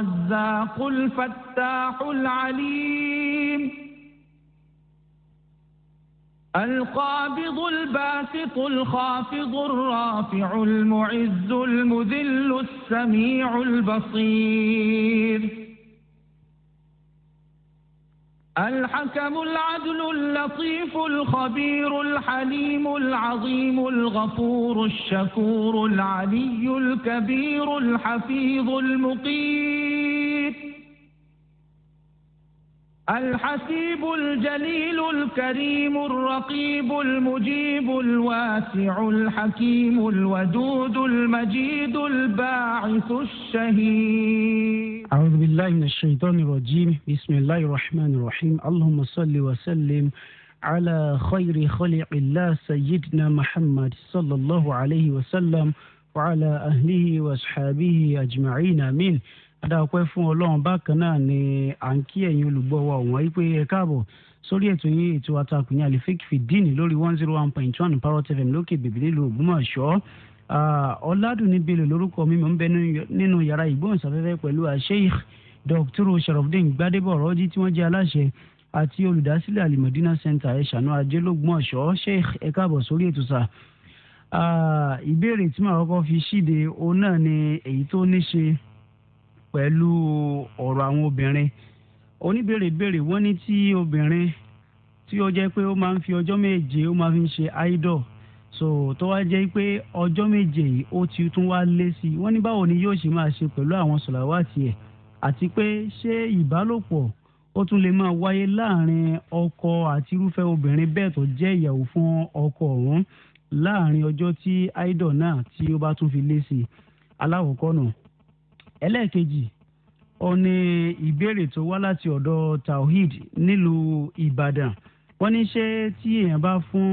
الرزاق الفتاح العليم القابض الباسط الخافض الرافع المعز المذل السميع البصير الحكم العدل اللطيف الخبير الحليم العظيم الغفور الشكور العلي الكبير الحفيظ المقيم الحسيب الجليل الكريم الرقيب المجيب الواسع الحكيم الودود المجيد الباعث الشهيد أعوذ بالله من الشيطان الرجيم بسم الله الرحمن الرحيم اللهم صل وسلم على خير خلق الله سيدنا محمد صلى الله عليه وسلم وعلى أهله وأصحابه أجمعين آمين adáwọ̀pẹ́ fún ọlọ́run bákan náà ni à ń kí ẹ̀yin olùgbọ́ wa ọ̀wọ́n yìí pé ẹ káàbọ̀ sórí ètò yín ètò àtàkùn ní àlefik fìdíìnì lórí one zero one point one parrot fm lókè bèbè nílùú ògbómọ̀ṣọ́ ọ̀làdùnní bello lórúkọ mi mò ń bẹ nínú yàrá ìgbóhùnsáfẹ́fẹ́ pẹ̀lú Sheikh Dr. sharafdin gbadebo ọ̀rọ̀jì tí wọ́n jẹ́ aláṣẹ àti olùdásílẹ̀ alimọ̀dínà center ẹ̀ṣánú ajẹ́lógbọ̀nsọ sheikh ẹ káàbọ̀ sórí ètò sà ìbéèrè tí màá kọ́kọ́ fi ṣíde òun náà ni èyí tó ní ṣe pẹ̀lú ọ̀rọ̀ àwọn obìnrin oníbèrè béèrè wọ́n ní tí obìnrin tí ó jẹ́ pé ó máa ń fi ọjọ́ méje ó máa fi ń ṣe idol so tó wá jẹ́ pé ọjọ́ méje yìí ó ti tún wá lé sí i wọ́n ní báwo ni yóò ṣe máa ṣe pẹ̀lú àwọn sọ̀làwátì ẹ̀ àti pé ṣé ìbálòpọ̀ ó tún lè máa wáyé láàrin ọkọ àti irúfẹ́ obìnrin bẹ́ẹ̀ tó jẹ́ ìyàwó fún ọkọ ọ̀hún láàrin ọjọ́ tí idol náà tí ó bá tún fi lé sí i aláwòkọ́nù ẹlẹ́ẹ̀kejì ó ní ìbéèrè tó wá láti ọ̀dọ̀ Tawhid nílùú Ìbàdàn wọ́n ní ṣé tí èèyàn bá fún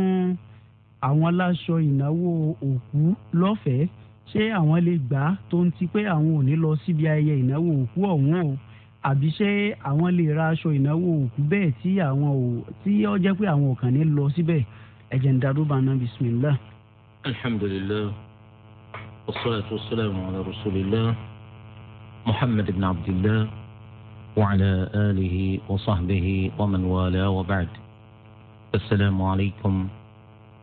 àwọn aláṣọ ìnáwó òkú lọ́fẹ̀ẹ́ ṣé àwọn lè gbà á tó ń ti pé àwọn ò ní lọ síbi ayẹyẹ ìnáwó òkú ọ̀hún o àbí ṣé àwọn lè ra aṣọ ìnáwó òkú bẹ́ẹ̀ tí àwọn ò tí ó jẹ́ pé àwọn ò kàn ní lọ síbẹ̀ ẹ̀jẹ̀ ń darúgbà náà bismillah. alhamdulillah wassalatu wassalamu ala rasulillah. محمد بن عبد الله وعلى آله وصحبه ومن والاه وبعد السلام عليكم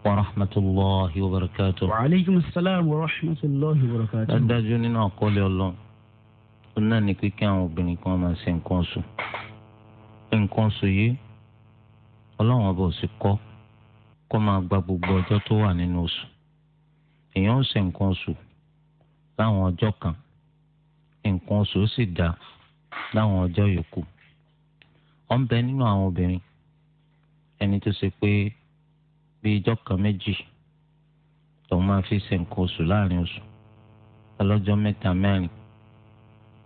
ورحمة الله وبركاته وعليكم السلام ورحمة الله وبركاته أداجو نينو أقول الله قلنا نكوي كان وبني كوما سنكونسو نكونسو يي ọlọ́run ọba ò sì kọ́ kó máa gba gbogbo ọjọ́ tó nǹkan oṣù ó sì dá láwọn ọjọ́ yòókù ó ń bẹ nínú àwọn obìnrin ẹni tó ṣe pé bíi ijọ́ kan méjì tòun máa fi ṣe nǹkan oṣù láàrin oṣù ọlọ́jọ́ mẹ́ta mẹ́rin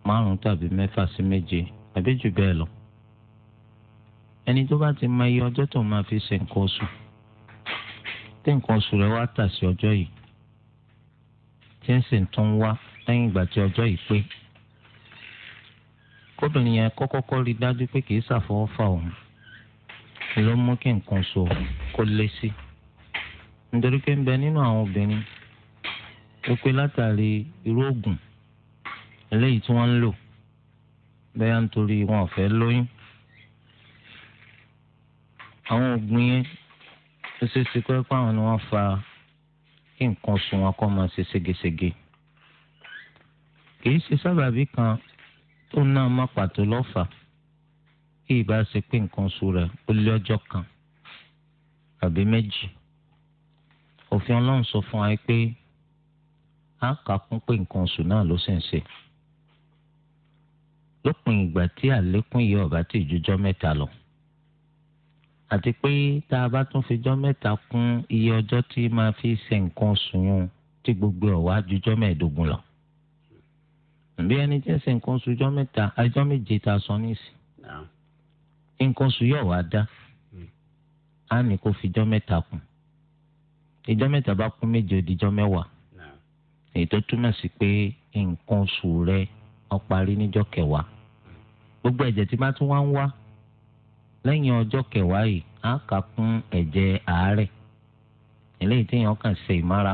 márùn-ún tàbí mẹ́fà sí méje àbí jù bẹ́ẹ̀ lọ ẹni tó bá ti mọ iye ọjọ́ tó máa fi ṣe nǹkan oṣù tí nǹkan oṣù rẹ̀ wá tà sí ọjọ́ yìí tí ń sì tún wá lẹ́yìn ìgbà tí ọjọ́ yìí pé kóbìnrin yẹn kọ́kọ́kọ́ rí dájú pé kìí ṣàfọwọ́ fà òun ló mú kí nǹkan so kó lé sí nítorí pé ń bẹ nínú àwọn obìnrin tó pé látàrí irú oògùn eléyìí tí wọ́n ń lò bẹ́ẹ̀ nítorí wọn ò fẹ́ lóyún àwọn oògùn yẹn ó ṣe é ṣe pé pàwọn ni wọ́n fa kí nǹkan sùn wọn kọ́ máa ṣe ségesège kìí ṣe sábàbí kan tó náà má pàtó lọ́fà kí ìbá ṣe pé nǹkan oṣù rẹ̀ ó lé ọjọ́ kan àbí méjì òfin ọlọ́run sọ fún wa pé a kà kún pé nǹkan oṣù náà ló sì ń ṣe lópin ìgbà tí àlékún yìí ọ̀bá ti jújọ́ mẹ́ta lọ àti pé tá a bá tún fi jọ́ mẹ́ta kún iye ọjọ́ tí máa fi ṣe nǹkan oṣù yun tí gbogbo ọ̀wá jújọ́ mẹ́ẹ̀ẹ́dógún lọ. bí ẹni tí ń ṣe nǹkan oṣù ọjọ́ mẹ́ta ọjọ́ méje ta sọ níìsì nǹkan oṣù yóò wá dá á hmm. ní kó fi jọ mẹta kún ọjọ́ mẹta bá kún méje ó di èyí tó túmọ̀ sí pé nǹkan rẹ ọ parí kẹwàá gbogbo ẹ̀jẹ̀ tí bá tún wá ń wá lẹ́yìn ọjọ́ kẹwàá yìí á kà kún ẹ̀jẹ̀ àárẹ̀ eléyìí kàn ṣe ìmára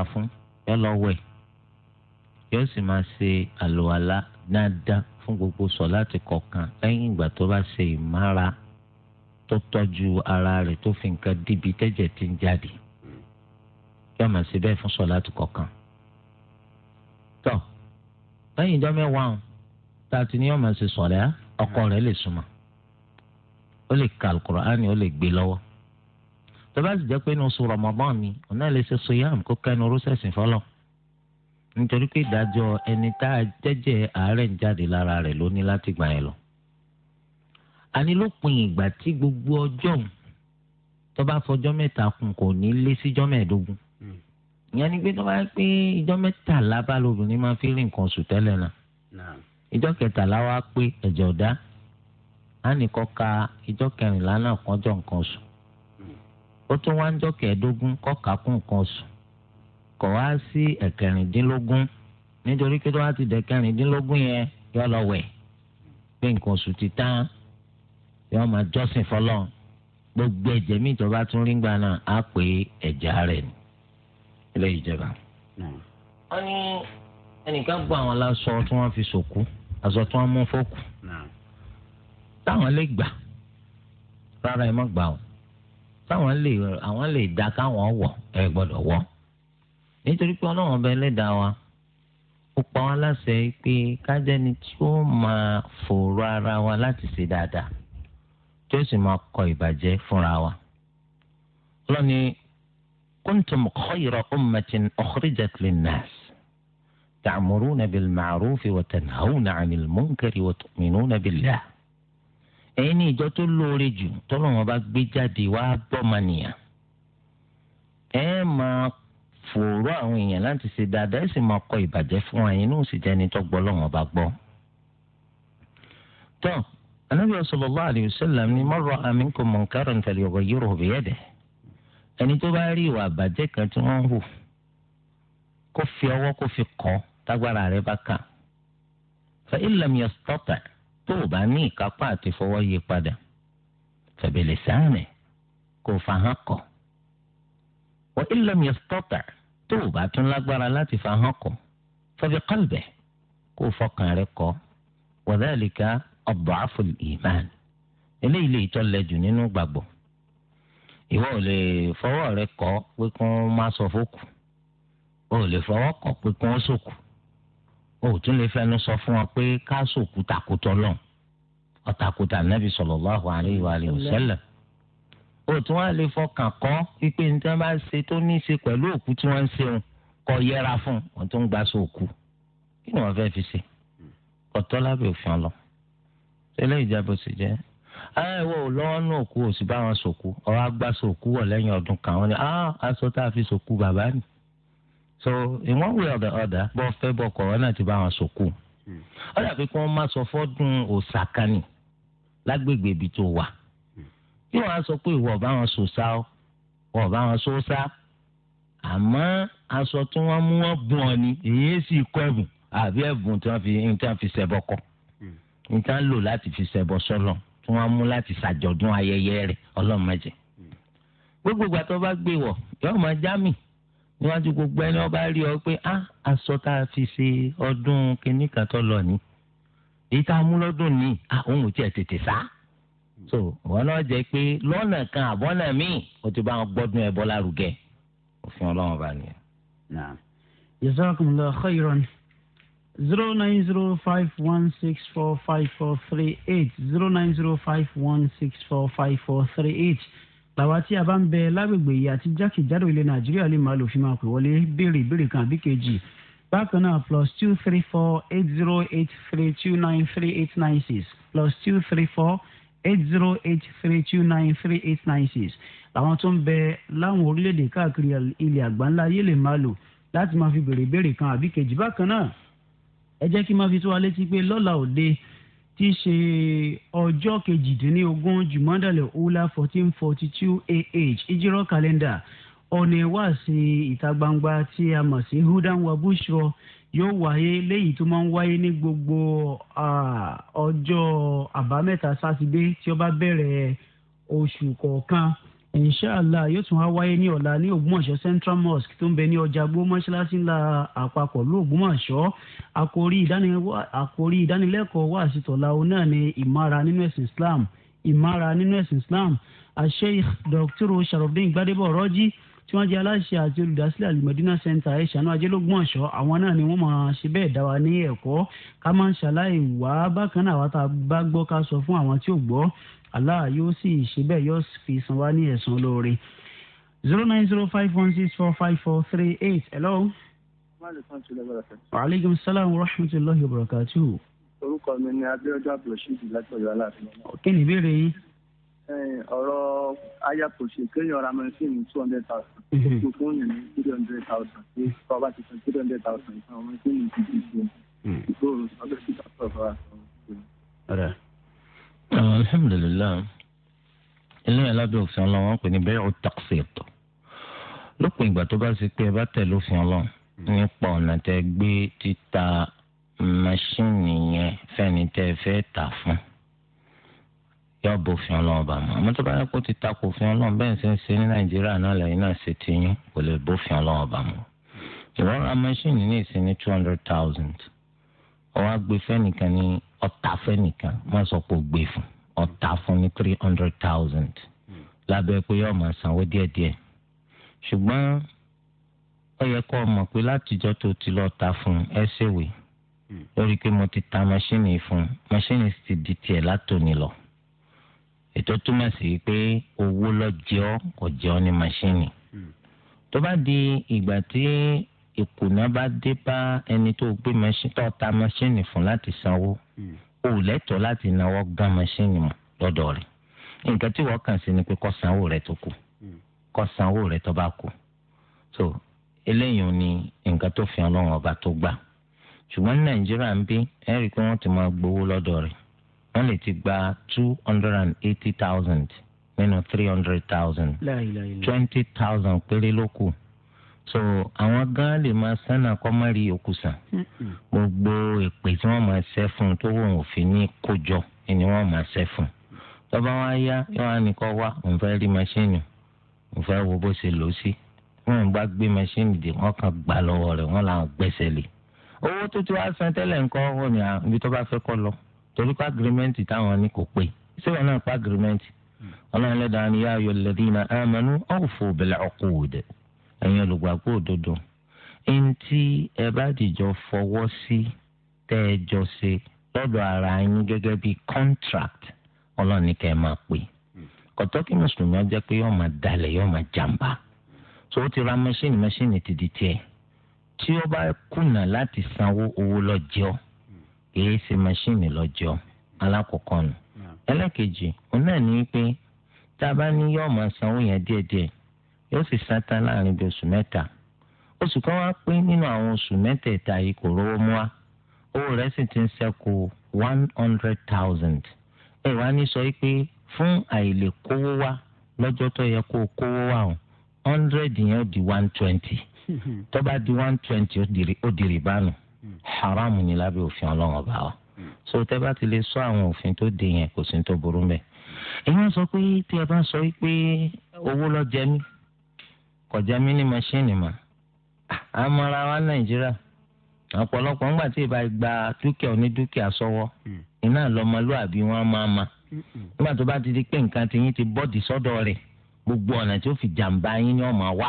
yóò sì máa ṣe àlùwàlá dáadáa fún gbogbo sọ̀láàtì kọ̀ọ̀kan lẹ́yìn ìgbà tó bá ṣe ìmára tó tọ́jú ara rẹ̀ tó fi nǹkan dìbí tẹ́jẹ̀ ti ń jáde yóò máa ṣe bẹ́ẹ̀ fún sọ̀láàtì kọ̀ọ̀kan. tọ́ lẹ́yìn ìjọ mẹ́wàá ọ̀hún tá a ti ní yóò máa ṣe sọ̀rẹ́ ọkọ rẹ̀ lè súnmọ́ ó lè ka alukur'ani ó lè gbé lọ́wọ́ tó bá sì jẹ́ pé inú oṣù Ramadan mi ọ̀nà lè ṣe sọ́yàm kó kẹ́nu rúṣẹ̀sìn fọlọ́ọ̀ nítorí pé ìdájọ́ ẹni tá a jẹ́jẹ́ àárẹ̀ ń jáde lára rẹ̀ ló ní láti gbà yẹn lọ. a ní lópin ìgbà tí gbogbo ọjọ́ tó bá fọjọ́ mẹ́ta kún kò ní lé síjọ́ mẹ́ẹ̀ẹ́dógún hmm. ìyẹn ni pé tó bá pé ìjọ́ mẹ́tàlá bá lóbìnrin máa fi rí nǹkan oṣù tẹ́lẹ̀ náà ìjọ́ kẹtàlá wá pé ẹ̀jẹ̀ ọ̀dá á nìkan ka ìjọ́ kẹrìnlá náà kọjọ́ nǹkan oṣù hmm. ó tún wá ń jọ́ kẹẹ̀ẹ́dógún kọ́ka kún nǹkan oṣù kọ̀ wá sí ẹ̀kẹrìndínlógún nítorí pé tó bá ti dẹ̀kẹrìndínlógún yẹn yọ lọ wẹ̀ pé nǹkan oṣù ti tán yọ máa jọ́sìn fọlọ́ gbogbo ẹ̀jẹ̀ míì tó bá tún rí gbà náà á pè ẹ̀jẹ̀ rẹ̀ ni eléyìí jẹba. wọ́n ní ẹnìkan gbọ́ àwọn aláṣọ tí wọ́n fi sòkú aṣọ tí wọ́n mú fókù táwọn lè gbà rárá ẹ má gbà o táwọn lè dá káwọn wọ̀ ẹ gbọ́dọ̀ wọ̀ nítorí pé ọlọ́run ọba ẹlẹ́dàá wa ó pa wá láṣẹ pé kájẹ́ni tí ó máa fòrò ara wa láti ṣe dáadáa tí ó sì máa kọ ìbàjẹ́ fúnra wa. lọ́ni kuntum khayra ummatin ukhrijat linnas ta'muruna bil ma'rufi wa tanhawna 'anil munkari wa tu'minuna billah. ẹ̀yin ni ìjọ tó lóore jù tọ́lọ́run ọba gbé jáde wá bọ́ nìyà. ẹ máa fòòró àwọn èèyàn láti ṣe dáadáa ẹ sì máa kọ ìbàjẹ́ fún wa yẹn náà sì jẹ́ ẹni tó gbọ́ lọ́wọ́n bá gbọ́. tó anábì sallallahu alayhi wa sallam ni man ra'a minkum munkaran falyughayyirhu biyadihi ẹni tó bá rí ìwà àbàjẹ́ kan tí wọ́n ń hù kó fi ọwọ́ kó fi kọ́ tágbára rẹ̀ bá kà fa illam yastati' tó o bá ní ìkápá àti fọwọ́ yí padà fa bilisanihi kò fà hàn kọ́ wa illam yastati' tó o bá tún lágbára láti fa hàn kọ́ fọbi qalbihi kó o fọkàn rẹ kọ́ wa dhalika ad'aful iman eléyìí lè tọ́ lẹ́jù nínú gbàgbọ́ ìwọ ò lè fọwọ́ rẹ kọ́ pé kí wọ́n má sọ fókù o ò lè fọwọ́ kọ́ pé kí wọ́n sòkù o ò tún lè fẹnu sọ fún wọn pé ká sòkù takùtọ̀ lọ́n ọ̀takùtà nàbì sallallahu alaihi wa alihi wasallam o tún wá lè fọkàn kọ́ pípé ní tí wọ́n bá ń ṣe tó ní í ṣe pẹ̀lú òkú tí wọ́n ń ṣe òun kọ́ yẹra fún wọn tó ń gbà sọ òkú kí ni wọ́n fẹ́ fi ṣe ọ̀tọ́ lábẹ́ òfin lọ tẹ́lẹ̀ ìjábọ̀ sì jẹ́ ẹ̀wọ̀ lọ́wọ́ náà òkú ò sì bá wọn sòkú ọ̀rọ̀ agbá sòkú wọ̀ lẹ́yìn ọdún kan wọn ni aṣọ tá a fi sòkú bàbá ni so in one way or the other bọ́ fẹ́ bọ́ kọ̀rọ́nà ti bá wọn sòkú ọ̀dà pé kí wọ́n má sọ fọ́dún òsàkánì lágbègbè ibi tó wà tí wọ́n á sọ pé ìwọ ọba wọn sò sá ọ wọ́n ọba wọn sò sá àmọ́ aṣọ tí wọ́n mú wọn bùn ọ ni èyí sì kọ́ ẹ̀bùn àbí ẹ̀bùn tí wọ́n fi nǹkan fi ṣẹbọ kọ́ hmm. nǹkan lò láti fi ṣẹbọ sọ́lọ̀ tí wọ́n mú láti ṣàjọ̀dún ayẹyẹ rẹ̀ ọlọ́run má jẹ́ hmm. tó bá gbé wọ̀ yóò máa já mi níwájú gbogbo ẹni ọba rí ọ pé a aṣọ tá a fi ṣe ọdún kìnnìkan tó lọ ni èyí tá a mú lọ́dún ni àwọn ò tiẹ̀ tètè sá so wọn náà jẹ́ pé lọ́nà kan àbọ̀nà míì o ti bá wọn gbọ́dún ẹbọ lárugẹ òfin Ọlọ́run bá nìyẹn. naam jazakumullahu khairan zero nine zero five one six four five four three eight zero nine zero five one six four five four three eight làwa tí a bá ń bẹ lágbègbè yìí àti jákèjádò ilẹ̀ nàìjíríà lè máa lò fi máa pè wọlé béèrè ìbéèrè kan àbí kejì bákan náà plus two three four eight zero eight three two nine three eight nine six plus two three four eight zero eight three two nine three eight nine six làwọn tó ń bẹ láwọn orílẹ̀-èdè káàkiri ilẹ̀ àgbáńlá ayé lè máa lò láti máa fi béèrè ìbéèrè kan àbí kejì bákan náà ẹ jẹ́ kí n máa fi tó wa létí pé lọ́la òde tí í ṣe ọjọ́ kejìdínlógún jùmọ́dàlẹ̀ ọ̀la fourteen forty two AH ìjírọ̀ kàlẹ́ndà ọ̀nà ìwáàsí ìta gbangba tí a mọ̀ sí hudan bushro yóò wáyé léyìí tó máa ń wáyé ní gbogbo ọjọ́ àbámẹ́ta sátidé tí ó bá bẹ̀rẹ̀ oṣù kọ̀ọ̀kan inshallah yóò tún wá wáyé ní ọ̀la ní ògbómọ̀ṣọ́ central mosque tó ń bẹ ní ọjà gbó mọ́ṣáláṣí ńlá àpapọ̀ lóògbómọ̀ṣọ́ àkórí ìdánilẹ́kọ̀ọ́ wà sítọ̀la òun náà ni ìmára nínú ẹ̀sìn islam ìmára nínú ẹ̀sìn islam asheikh dr sharafdin gbadebo rọ́jí tí wọ́n jẹ́ aláṣẹ àti olùdásílẹ̀ alimọ̀dínà center ẹ̀ṣánú ajẹ́lógúnmọ̀ṣọ́ àwọn náà ni wọ́n máa ṣe bẹ́ẹ̀ dá wa ní ẹ̀kọ́ ká máa ń ṣàlàyé wá bákan náà àwa tá a bá gbọ́ ká sọ fún àwọn tí ò gbọ́ Allah yóò sì ṣe bẹ́ẹ̀ yóò fi san wá ní ẹ̀san lóore. zero nine zero five one six four five four three eight hello. waaleykum salaam wa rahmatulahi wa barakatuhu. orúkọ mi ni Abíọ́dún Abdulrasheed láti Ọ̀yọ́ Aláàfin. kí ni ìbéèrè yín? ọ̀rọ̀ aya kò ṣe kéèyàn ra mẹ́sìnì two hundred thousand kó mhm. fún yẹn ní three hundred thousand kí ọba ti san three hundred thousand hmm. fún ọmọ mẹ́sìnì ti di ṣe ìgbóòrò ọdún sí káfíńtà ọba. Ah, alhamdulilayi ilé alábẹ́ òfin ọlọ́wọ́n pè ní bẹ́ẹ̀ ò tàkṣẹ̀tọ̀ lópin ìgbà tó bá ṣe pé ẹ bá tẹ̀ lófin ọlọ́run nípa ọ̀nà tẹ gbé títa máṣíìnì yẹn fẹ́ni tẹ́ fẹ́ tà fún un yóò bófin ọlọ́run bá mu àmọ́ tó bá yẹ kó ti takò òfin ọlọ́run bẹ́ẹ̀ ṣe ń ṣe ní nàìjíríà náà lẹ́yìn náà ṣe ti yín kò lè bófin ọlọ́run bá mu. ìwọ́n mẹ́ṣíìnì ní ìsìn ní two hundred thousand ọwọ́ gbé fẹ́nìkan ní ọ̀tá fẹ́nìkan wọ́n sọ pé ó gbé fún ọ̀tá fún ní three hundred thousand lábẹ́ pé yóò máa sanwó díẹ̀díẹ̀ ṣùgbọ́n ó yẹ kó o mọ̀ pé látijọ́ tó ti lọ ta fún ẹ ṣèwé hmm. lórí pé mo ti ta mẹ́ṣíìnì fún mẹ́ṣíìnì ti di tiẹ̀ látòní lọ ètò túmọ̀ sí pé owó lọ́jọ́ ọ̀jọ́ ní màṣíìnì hmm. tó bá di ìgbà tí ìkùnà bá dé bá ẹni tó gbé màṣíìnì tó ta màṣíìnì fún láti sanwó hmm. o lẹ́tọ̀ọ́ láti náwó gán màṣíìnì mọ́ lọ́dọ̀ rẹ̀ nǹkan tí wọ́n kàn sí ni pé kó sanwó rẹ̀ tó kù hmm. kó sanwó rẹ̀ tó bá kù so eléyìí ni nǹkan tó fi ọlọ́run ọba tó gbà ṣùgbọ́n ní nàìjíríà ń bí ẹ̀rí pé wọ́n ti máa gbowó lọ́dọ̀ rẹ̀ wọ́n lè ti gba two hundred and eighty thousand nínú three hundred thousand twenty thousand péré ló kù so àwọn gan lè máa sánà kọ́mọ́rì òkùsàn gbogbo èpè tí wọ́n máa ṣẹ́ fún un tó wò ó fi ní kójọ ni wọ́n máa ṣẹ́ fún un tọ́ba wa yá yóò wá nìkan wá òun fẹ́ rí maṣíìnì òun fẹ́ wo bó ṣe lò ó sí wọn bá gbé maṣíìnì dè wọ́n kàn gbà lọ́wọ́ rẹ̀ wọ́n làwọn gbẹ́sẹ̀ lé owó tó ti wá san tẹ́lẹ̀ ńkọ́ wọn ni ibi tó bá fẹ́ kọ́ lọ torí pa agirimẹ́ǹtì táwọn ní kò pé síbẹ̀ náà pa agirimẹ́ǹtì ọlọ́run lẹ́dàá ni yáa yọ lẹ́dínà amanu awfu bil uqud ẹ̀yin olùgbàgbọ́ òdodo eŋti ẹ bá dìjọ fọwọ́ sí tẹ́ ẹ jọ ṣe lọ́dọ̀ ara yín gẹ́gẹ́ bíi contract ọlọ́run ní kẹ́ ẹ máa pè kọ̀tọ́kì mùsùlùmí ọjọ́ pé yóò máa dalẹ̀ yóò máa jàǹbá tó o ti ra mẹ́ṣíìnì mẹ́ṣíìnì ti di tiẹ̀ tí ó bá kùnà láti sanwó owó lọ́jọ́ kìí ṣe mashini lọ́jọ́ alákọ̀ọ́kọ́ nù. ẹlẹ́kejì òun náà ní pé tá a bá ní yóò máa sanwó yẹn díẹ̀díẹ̀ yóò sì san láàrin bí oṣù mẹ́ta oṣù kan wá pé nínú àwọn oṣù mẹ́tẹ̀ẹ̀ta yìí kò rówó mú wa owó rẹ̀ sì ti ń ṣẹ́kù one hundred thousand ẹ wá ní sọ pé fún àìlè kówó wá lọ́jọ́ tó yẹ kó kówó wá o di one twenty tó bá di one twenty ó di rìbá haram ni lábẹ́ òfin ọlọ́run ọba wa so tẹ́ bá ti lè sọ àwọn òfin tó de yẹn kò sí tó burú mbẹ̀ èèyàn sọ pé tí ẹ bá sọ pé owó lọ jẹ mí kò jẹ mí ní mọ́ṣíìnì mà àmọ́ra wa nàìjíríà ọ̀pọ̀lọpọ̀ ńgbà tí ìbá gba dúkìá onídúkìá sọ́wọ́ iná lọ́mọlúàbí wọn máa ma nígbà tó bá ti di pé nǹkan ti yín ti bọ́ọ̀dì sọ́dọ̀ rẹ̀ gbogbo ọ̀nà tí ó fi jàǹbá yín ni ọ̀ máa wà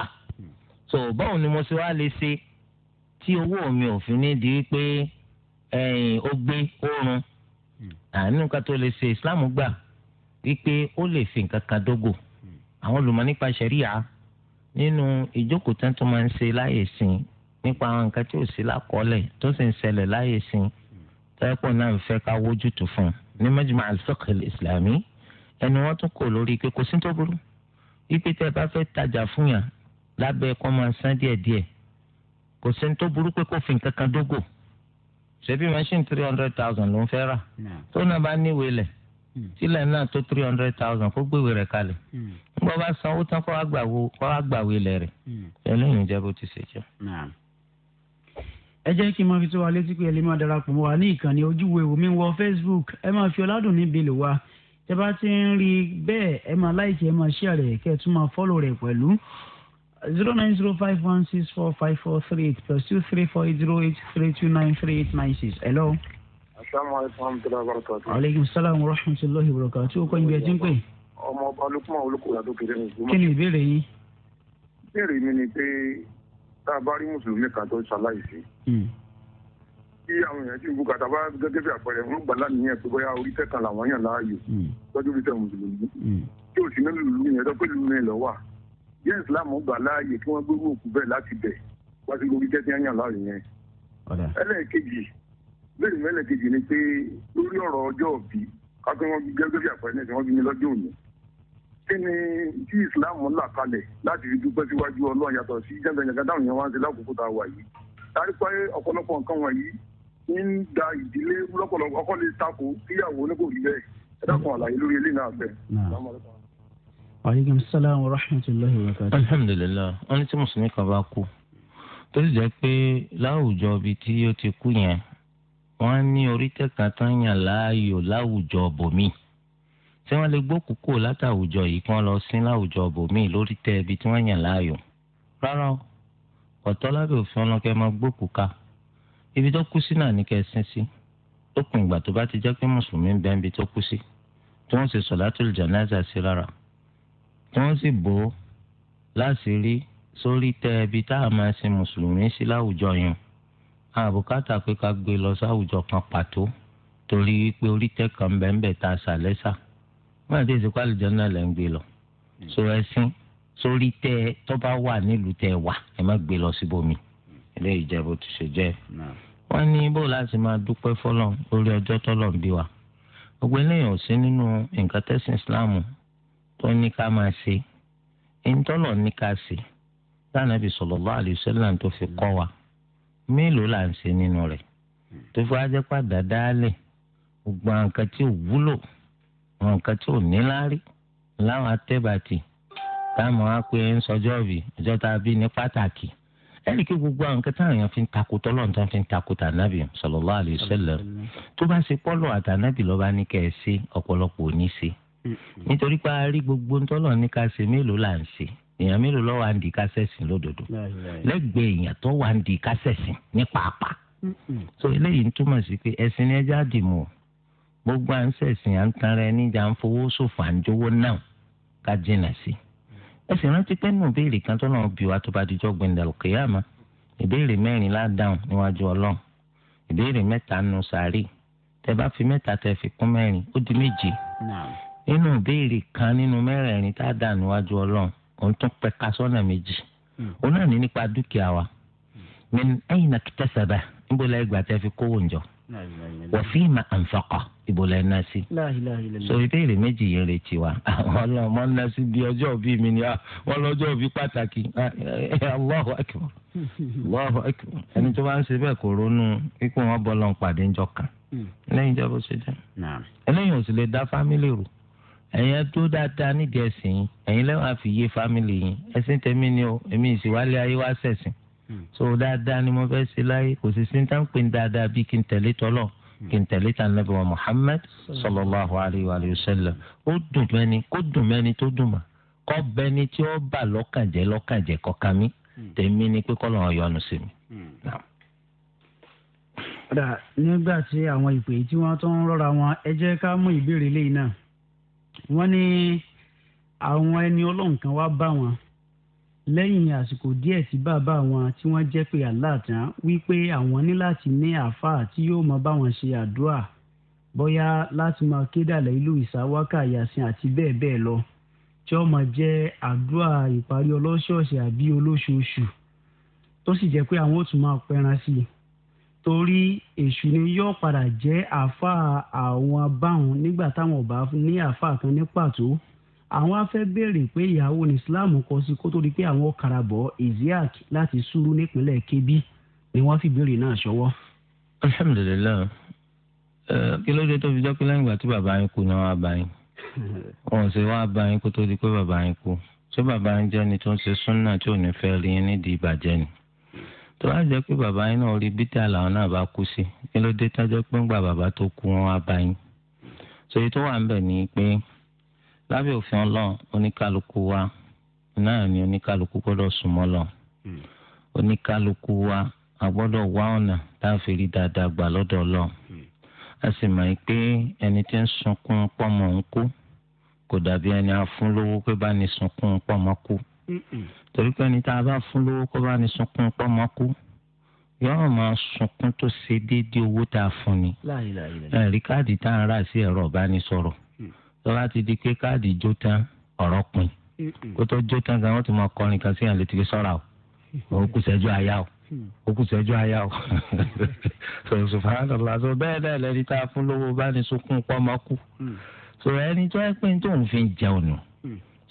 so báwo ni mo ṣe wá lè ṣe tí owó mi ò fi ní di pé ó gbé ó run àánú nǹkan tó lè ṣe islam gbà wípé ó lè fi nǹkan kan dógò àwọn olùmọ̀ nípa ṣẹ̀ríà nínú ìjókòó tán tó máa ń ṣe láyè sìn nípa àwọn nǹkan tí ò sí lákọọ́lẹ̀ tó sì ń ṣẹlẹ̀ láyè sìn tẹ́pọ̀ náà ń fẹ́ ká wójútùú fún un ní mẹ́jùmọ́ al-fiqh al-islami ẹni wọ́n tún kò lórí pé kò sí tó burú wípé tẹ́ bá fẹ́ tajà fún yàn lábẹ́ kọ́ máa san díẹ̀díẹ̀ kò sí ní tó burú pé kó fi nǹkan kan dógò ṣebí machine three hundred thousand ló ń fẹ́ rà tó náà bá níwèé lẹ̀ tílẹ̀ hmm. náà tó three hundred thousand kó gbèwé rẹ̀ kalẹ̀ hmm. nígbà bá sanwó tán kó wá gbàwé lẹ̀ rẹ̀ ẹlẹ́yìn hmm. ìjẹ́ ti ṣe jẹ́. ẹ jẹ́ kí n máa fi tó wa létí pé ẹ lè máa darapọ̀ mọ́ wa ní ìkànnì ojúwe omi wọ Facebook ẹ máa fi ọ̀làdùn níbi lè wa tẹ bá ti ń rí bẹ́ẹ̀ ẹ máa láìkí ẹ máa ṣíà rẹ̀ kẹ́ ẹ tún máa fọ́lọ̀ rẹ̀ pẹ̀lú zero nine zero five one six four five four three eight plus two three four eight zero eight three two nine three eight nine six. hello. asalaamualeykum wa rahmatulahi. aleykum salaam wa rahmatulahi wa barakatuh. tí o kọ́ ibi ẹtí ń pè. ọmọ ọba lukuma olùkóyà tó kéré ní ìgbìmọ̀. kí ni ìbéèrè yín. ìbéèrè mi ni pé tá a bá rí mùsùlùmí kan tó ṣaláìsí. bí hmm. àwọn èèyàn ti ń bu kàtà gẹ́gẹ́ bí àpẹẹrẹ wọn gbàlá nìyẹn pé bóyá orí tẹ̀ kan làwọn yàn láàyò hmm. lọ́jọ́ orí tẹ̀ mùsùlùmí. Hmm. tí òsínlẹ̀ lùlù yẹn lọ́pẹ́ lùlù yẹn lọ́wọ́ jẹ́ islam gbà láàyè kí wọ́n gbógun òkú bẹ́ẹ̀ láti bẹ̀ wá sí lórí tẹ́tí àyàn láàyè yẹn. ẹlẹ́ẹ̀kejì bẹ́ẹ̀ ni ẹlẹ́ẹ̀kejì ni pé lórí ọ̀rọ̀ ọjọ́ òbí kápẹ́ wọn gẹ́gẹ́ bí àpẹẹrẹ náà tí wọ́n bí mi lọ́jọ́ òní. kí ni tí islam là kalẹ̀ láti fi dúpẹ́ síwájú ọlọ́run yàtọ̀ sí jẹ́ǹdẹ̀jẹ̀gá táwọn èèyàn wá ń ṣe lákòókò tá a wà yìí. tárí pé ọ̀pọ̀lọpọ̀ nǹkan wọ̀nyí ń da ìdílé lọ́pọ̀lọpọ̀ ọkọ lè takò kíyàwó ní kò rí bẹ́ẹ̀ ẹ dákun àlàyé lórí ilé náà bẹ́ẹ̀ aleykum salaam wa rahmatulahi wa barakatuh. alhamdulilayi wọn ní tí mùsùlùmí kan bá kú tó sì jẹ́ pé láwùjọ ibi tí ó ti kú yẹn wọ́n ní orí tẹ̀ka tán yàn láàyò láwùjọ bòmíì tí wọ́n lè gbókùú kò látàwùjọ yìí kí wọ́n lọ sí láwùjọ bòmíì lórí tẹ̀ ibi tí wọ́n yàn láàyò rárá o ọ̀tọ́ òfin ọlọ́kẹ́ máa gbókùú ibi tó kú sí náà ní kẹ́ sin sí ó ìgbà tó bá ti jẹ́ pé mùsùlùmí bẹ níbi tó kú sí tí wọ́n sì sọ̀látùl jánásà sí lára wọ́n sì bò ó láṣìírí sórí tẹ ibi tá a máa sin mùsùlùmí sí láwùjọ yẹn àbùkátà pé ká gbé lọ sáwùjọ kan pàtó torí pé orí tẹ kan bẹ́ẹ̀ ta sàlẹ́sà wọ́n àti ìsìnkú àlùjànnà lẹ́ ń gbé lọ so ẹ̀sìn sórí tẹ tó bá wà nílùú tẹ wà ẹ má gbé lọ síbòmí ilé ìjẹ́bù ti ṣe jẹ́ wọ́n ní bó láti máa dúpẹ́ fọlọ́n lórí ọjọ́ tọ́lọ̀ ń bí wa gbogbo eléyàn ò sí nínú nǹkan tẹ́sìn Islam tó ní ká máa ṣe ìtọ́nà ní ká ṣe lánàbì sallallahu alaihi wasallam tó fi kọ́ wa mélòó là ń ṣe nínú rẹ̀ tó fi wá jẹ́ pàdà dálẹ̀ gbogbo nǹkan tí ò wúlò nǹkan tí ò níláárí láwọn atẹ́bàtì táwọn á ń sọjọ́ bì ọjọ́ tá a bí ní pàtàkì ẹnì kí gbogbo àwọn nǹkan táwọn èèyàn fi ń takò tọ́lọ́ nǹkan fi ń takò tànàbì sallallahu alaihi wasallam tó bá ṣe pọ́lọ̀ àtànàbì lọ́ba ní kẹ́ ẹ ṣe ọ̀pọ̀lọpọ̀ ò ní ṣe nítorí pé a rí gbogbo ntọ́lọ̀ ní ká ṣe mélòó là ń ṣe èèyàn mélòó lọ́wọ́ àǹdí kásẹ̀sìn lódodo lẹ́gbẹ̀ẹ́ èèyàn tó wà àǹdí kásẹ̀sìn ní pàápàá so eléyìí ń túmọ̀ sí pé ẹ̀sìn ni ẹja dìmọ̀ gbogbo à ń ṣẹ̀sìn à ń tanra ẹni jà ń fowó ṣòfò à ń jówó náà ká jìnà sí i ẹsìn rántí pé nínú ìbéèrè kan tó náà bí wa tó bá dijọ́ gbẹ̀ndà lùkìyàmá ìbéèrè nínú ìbéèrè kan nínú mẹ́rẹ̀ẹ̀rin tá a dà níwájú ọlọ́run òun tún pẹ́ ká sọ́nà méjì hmm. òun náà ní nípa dúkìá wa hmm. min ayna iktasaba níbo la ìgbà tẹ́ fi kówó ǹjọ́ wa fima anfaqa ibo la iná sí. so ìbéèrè méjì yẹn lè tiwa ọlọ́run mọ́ ná sí bí ọjọ́ òbí mi ni ah, wọ́n lọ́jọ́ òbí pàtàkì ah, eh, ẹni tó bá ń ṣe bẹ́ẹ̀ kò ronú pípọ̀ wọn bọ́ lọ́n pàdé kan hmm. lẹ́yìn ṣe jẹ́ ẹ̀yin tó dáadáa nídìí ẹ̀sìn yìí ẹ̀yin lẹ́wọ̀n àfi yé fámìlì yìí ẹ̀sìn tẹ̀mí ni o èmi ìsìwálé ayé wá ṣẹ̀sìn hmm. so dáadáa ni mo fẹ́ ṣe láyé kò sí sí tá ń pè ní dáadáa bíi kí n tẹ̀lé tọ́lọ̀ hmm. kí n tẹ̀lé tà nàbẹ̀ wa Muhammad sallallahu alayhi wa sallam ó dùn mẹ́ni kó dùn mẹ́ni tó dùn mà kọ́ bẹ́ni tí ó bà lọ́kànjẹ́ lọ́kànjẹ́ kọ́ka mi hmm. tèmi ni pé kọ́lọ́ ọ̀yọ́nu sí mi. nígbà tí àwọn ìpè tí wọ́n tún rọra wọn ẹ jẹ́ ká wọ́n ní àwọn ẹni ọlọ́run kan wá bá wọn lẹ́yìn àsìkò díẹ̀ tí bàbá wọn tí wọ́n jẹ́ pé aláàtàn wípé àwọn ní láti ní àáfàá tí yóò máa bá wọn ṣe àdúrà bóyá láti máa kédàlẹ̀ ìlú ìsáwákà yàsìn àti bẹ́ẹ̀ bẹ́ẹ̀ lọ tí ó máa jẹ́ àdúrà ìparí ọlọ́ṣọ̀ọ̀ṣẹ̀ àbí olóṣooṣù tó sì jẹ́ pé àwọn ó tún máa pẹran sí i torí èṣù ni yóò padà jẹ́ àáfà àwọn abáhùn nígbà táwọn ọba ní àáfà kan ní pàtó àwọn afẹ́ béèrè pé ìyàwó ní islam kọ sí kó tó di pé àwọn karabọ̀ isiaq láti sùúrù nípínlẹ̀ kebbi ni wọ́n fi béèrè náà ṣọwọ́. alhamdulilayi kí ló dé tó fi jẹ́ pé lẹ́yìn ìgbà tí bàbá yín kú ni wọ́n á bá yín wọ́n sì wá bá yín kó tó di pé bàbá yín kú ṣé bàbá yín jẹ́ ni tó ń ṣe súnà tí ò ní fẹ́ rí yín nídìí ìbàjẹ́ ni. tó a jẹ́ pé bàbá yín náà rí bídíà làwọn náà bá kú sí kí ló dé tájọ́ pé ń bàbá tó kú wọn wá bá yín so tó wà ń ni pé òfin ọlọ́run oníkálukú wa náà ni oníkálukú gbọdọ lọ hmm. oníkálukú wa a wá tá a fi rí dáadáa gbà hmm. a sì pé ẹni tí wípé ní tá a bá fún lówó kó bá ní sunkún pọ́mọ kú yóò máa sunkún tó ṣe déédéé owó tá a fún ni ẹ̀rí káàdì tá a rà sí ẹ̀rọ ìbánisọ̀rọ̀ hmm. tó ti di pé káàdì jó tán ọ̀rọ̀ pin hmm, hmm. kó tó jó tán gan wọ́n ti máa kọrin kan sí àlè tìkí sọ́ra o òkú sẹ́jú àyà o òkú sẹ́jú àyà o sọ̀rọ̀sọ̀ fàánàlá sọ bẹ́ẹ̀ náà lẹ́ni tá a fún lówó bá ní sunkún pọ́mọ kú sọ̀rọ̀ ẹni tó ẹ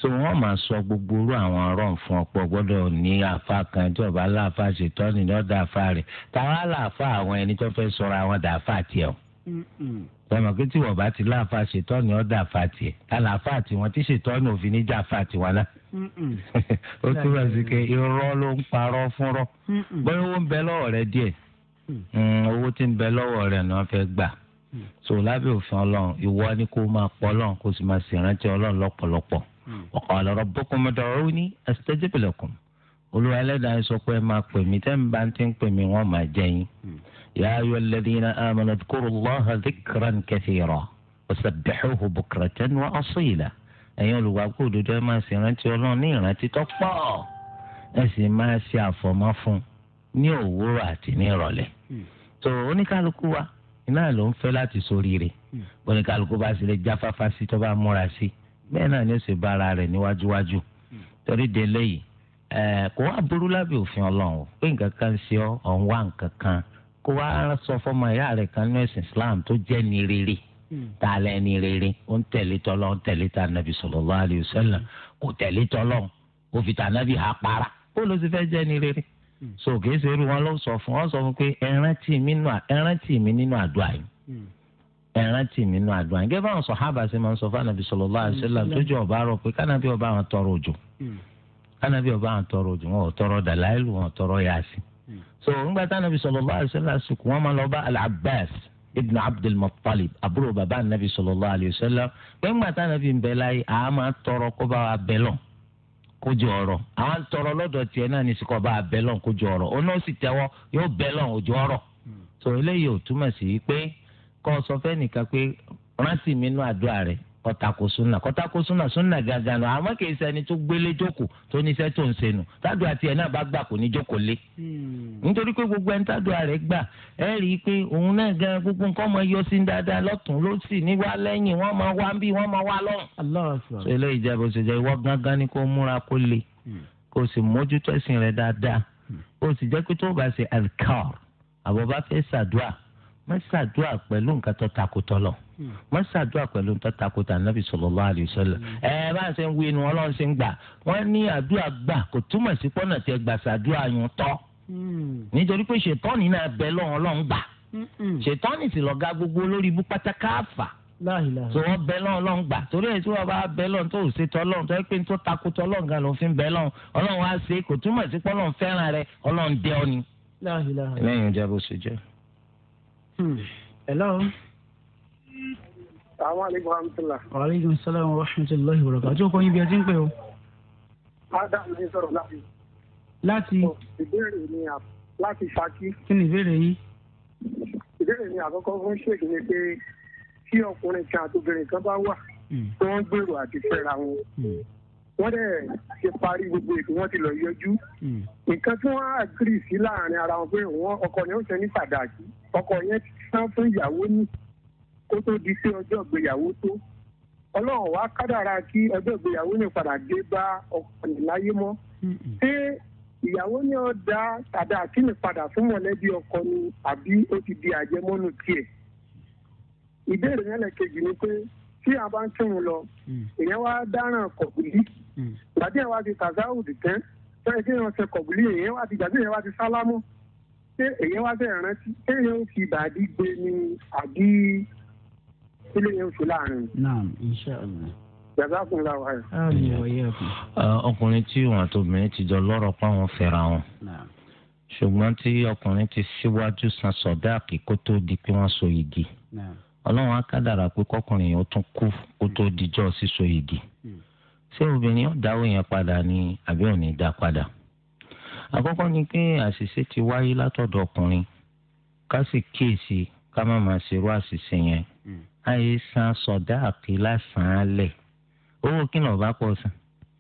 so wọn máa sọ gbogbo orú àwọn ọ̀rọ̀ fún ọpọ gbọ́dọ̀ ní àfa kan ìjọba láàfa ṣètọ nínú ọdà àfa rẹ táwa láàfa àwọn ẹni tó fẹ́ sọ̀rọ̀ àwọn dàáfà tiẹ̀ o tẹmọ pé tí wọn bá ti láàfa ṣètọ́ni ọ̀dà fàtì aláfa tiwọn tí ṣètọ́ni òfin níjà fàtì wọn náà ó túbọ̀ sí pé irọ́ ló ń parọ́ fúnrọ́ bóyá owó ń bẹ lọ́wọ́ rẹ díẹ̀ hmm, owó tí ń bẹ lọ́wọ́ rẹ ni wọ́n fẹ́ gbà so lábẹ́ òfin ọlọ́run ìwọ ni kó máa pọ̀ ọlọ́run kó sì máa ṣèrántí ọlọ́run lọ́pọ̀lọpọ̀ وقال ربكم ادعوني استجب لكم olúwa ẹlẹ́dàá sọ pé máa pè mí tẹ́ ń bá ti ń pè mí wọ́n máa jẹ́ yín. يا أيها الذين آمنوا اذكروا الله ذكرا كثيرا وسبحوه بكرة وأصيلا ẹ̀yin olùgbàgbọ́ òdodo ẹ máa ṣe ìrántí ọlọ́run ní ìrántí tó pọ̀ ẹ sì máa ṣe àfọ̀mọ́ fún ní òwúrọ̀ àti ní ìrọ̀lẹ́. tó hmm. oníkálukú wa iná ló ń fẹ́ láti ṣoríire hmm. oníkálukú bá sì lè jáfáfá sí tó bá múra sí i bẹ́ẹ̀ náà ni ó sì bára rẹ̀ níwájúwájú hmm. torí de léyìí eh, kò wá burú lábẹ́ òfin ọlọ́run o pé nǹkan kan ṣe ọ́ ọ̀hún wá nǹkan kan kó wá sọ fọmọ ìyá rẹ̀ kan ní ẹ̀sìn Islam tó jẹ́ ní rere hmm. tá a lẹ́ ní rere ó ń tẹ̀lé tọ́lọ́ ń tẹ̀lé tá nàbì sallallahu alaihi wasallam kò tẹ̀lé tọ́lọ́ kò fi tà nàbì hà para ó ló ti fẹ́ jẹ́ ní rere hmm. so kìí ṣe irú wọn ló sọ fún ọ sọ fún pé ẹrántí mi nínú àdúrà yìí ẹ̀rántì nínú àdúrà gẹ́gẹ́ báwọn sọ̀hábà ṣe máa ń sọ fánàbí sallallahu alaihi wasallam tójú ọba rọ pé kánàbí ọba àwọn tọrọ òjò hmm. kánàbí ọba àwọn tọrọ òjò wọn ò tọrọ dàláìlù wọn ò tọrọ yàsí. Hmm. so ńgbà tánàbí sallallahu alaihi wasallam sùkú wọn máa lọ bá al-abbas ibn abdul muttalib àbúrò bàbá anabi sallallahu alaihi wasallam pé ńgbà tánàbí ń bẹ láyé àá máa tọrọ kó bá wa bẹ lọ kójú ọ̀rọ̀ àwọn hmm. so eléyìí ò túmọ̀ sí kọ́ sọ fẹ́ nìkan pé rántí mi nú àdúrà rẹ̀ kọ́tàkó súnà kọ́tàkó súnà súnà gàgà nù àmọ́ kì í ṣẹni tó gbélé jókòó tó níṣẹ́ tó ń ṣẹnu tádùá tiẹ̀ náà bá gbà kò ní jókòó lé. Hmm. nítorí pé gbogbo ẹni tádùá rẹ̀ gbà ẹ rí i pé òun náà gan gbogbo nǹkan máa yọ sí dáadáa lọ́tún ló sì ní wá lẹ́yìn wọ́n máa wá bí wọ́n máa wá lọ́rùn. sọ eléyìí jẹ́ bó ìwọ gángan ni kó múra kó le hmm. kó sì mójútó ẹ̀sìn rẹ̀ dáadáa kó hmm. sì jẹ́ pé tó bá ṣe àdìkà àbọ̀ bá fẹ́ ṣàdúrà má ṣàdúrà pẹ̀lú nǹkan tó takòtọ̀ lọ hmm. má ṣàdúrà pẹ̀lú nǹkan tó takòtọ̀ ànábì sallallahu alaihi wasallam. Hmm. ẹ bá ṣe ń wí inú ọlọ́run ṣe ń gbà wọ́n ní àdúrà gbà kò túmọ̀ sí pọ́nà tí ẹ gbà ṣàdúrà yun tọ́ hmm. nítorí pé ṣètọ́ni náà bẹ lọ́run ọlọ́run gbà ṣètọ́ni sì lọ́ga gbogbo lórí ibú pátákáàfà tó wọ́n bẹ lọ́run ọlọ́run gbà torí ẹ̀ tí wọ́n bá bẹ lọ́run tó ṣe tọ́lọ́run tó pé tó takòtọ̀ ọlọ́run gan ló fi ń bẹ lọ́run ọlọ́run wá ṣe kò túmọ̀ sí pọ́nà fẹ́ràn rẹ ọlọ́run dẹ́ ọ ni. lẹ́yìn ìjọba ṣe jẹ́. Hmm. hello. àwọn àlejò amúsùlá. wàhálàyé sálàmù rahmatulahi wàràkà àti òkò yín bí ẹ ti ń pè o. adam ní sọ̀rọ̀ láti. láti. Oh, ìbéèrè ni láti Ṣakí. kí ni ìbéèrè yín. ìbéèrè ni àkọ́kọ́ fún ṣèkì ni pé tí ọkùnrin kan àti obìnrin kan bá wà hmm. tí wọ́n gbèrò àti fẹ́ra wọn hmm wọ́n dẹ̀ ti parí gbogbo ètò wọ́n ti lọ yọjú. Hmm. nǹkan tí wọ́n àgírí sí láàrin ara wọn pé wọ́n ọkọ ni ó ṣe ní sàdáàkì ọkọ yẹn ti san fún ìyàwó ní kó tó di pé ọjọ́ ìgbéyàwó tó. ọlọ́run wá kádàrá kí ọjọ́ ìgbéyàwó ní padà dé bá ọkọ ní láyé mọ́. Hmm, hmm. ṣé ìyàwó ni ó dá sàdáàkì ní padà fún mọ̀lẹ́bí ọkọ ni àbí ó ti di àjẹmọ́nú tiẹ̀. ìbéèrè yẹn lẹ́kejì ni pé tí a bá ń kírun lọ èèyàn wá dáràn kọ̀ọ̀kùnrin Mm. gbàdí ẹ̀ wá ti tàzáwùdì tán fẹ́ẹ́ kí wọ́n ṣe kọ̀bùlì èyàn wá ti gbàdí ẹ̀ wá ti sálámù ṣé èyàn wá bẹ̀rẹ̀ rántí ṣé èyàn ń fi ìbàdí gbé ni àbí ilé yẹn ń fi láàrin. naam inshàlá ọkùnrin tí wọn àtòbìnrin ti jọ lọ́rọ̀ pa wọn fẹ́ra wọn ṣùgbọ́n tí ọkùnrin ti síwájú san sọdáàkì kó tó di pé wọ́n so igi Ọlọ́run á kádàrà pé kọkùnrin yẹn ó tún kú kó tó dijọ́ síso igi. Mm ṣé obìnrin ó dáwó yẹn padà ni àbí ò ní dá padà àkọ́kọ́ ni pé àṣìṣe ti wáyé látọ̀dọ̀ ọkùnrin ká sì kíyèsí ká má máa ṣerú àṣìṣe yẹn hmm. àyè san sọdá àkè lásán lẹ̀ owó kí náà bá pọ̀ san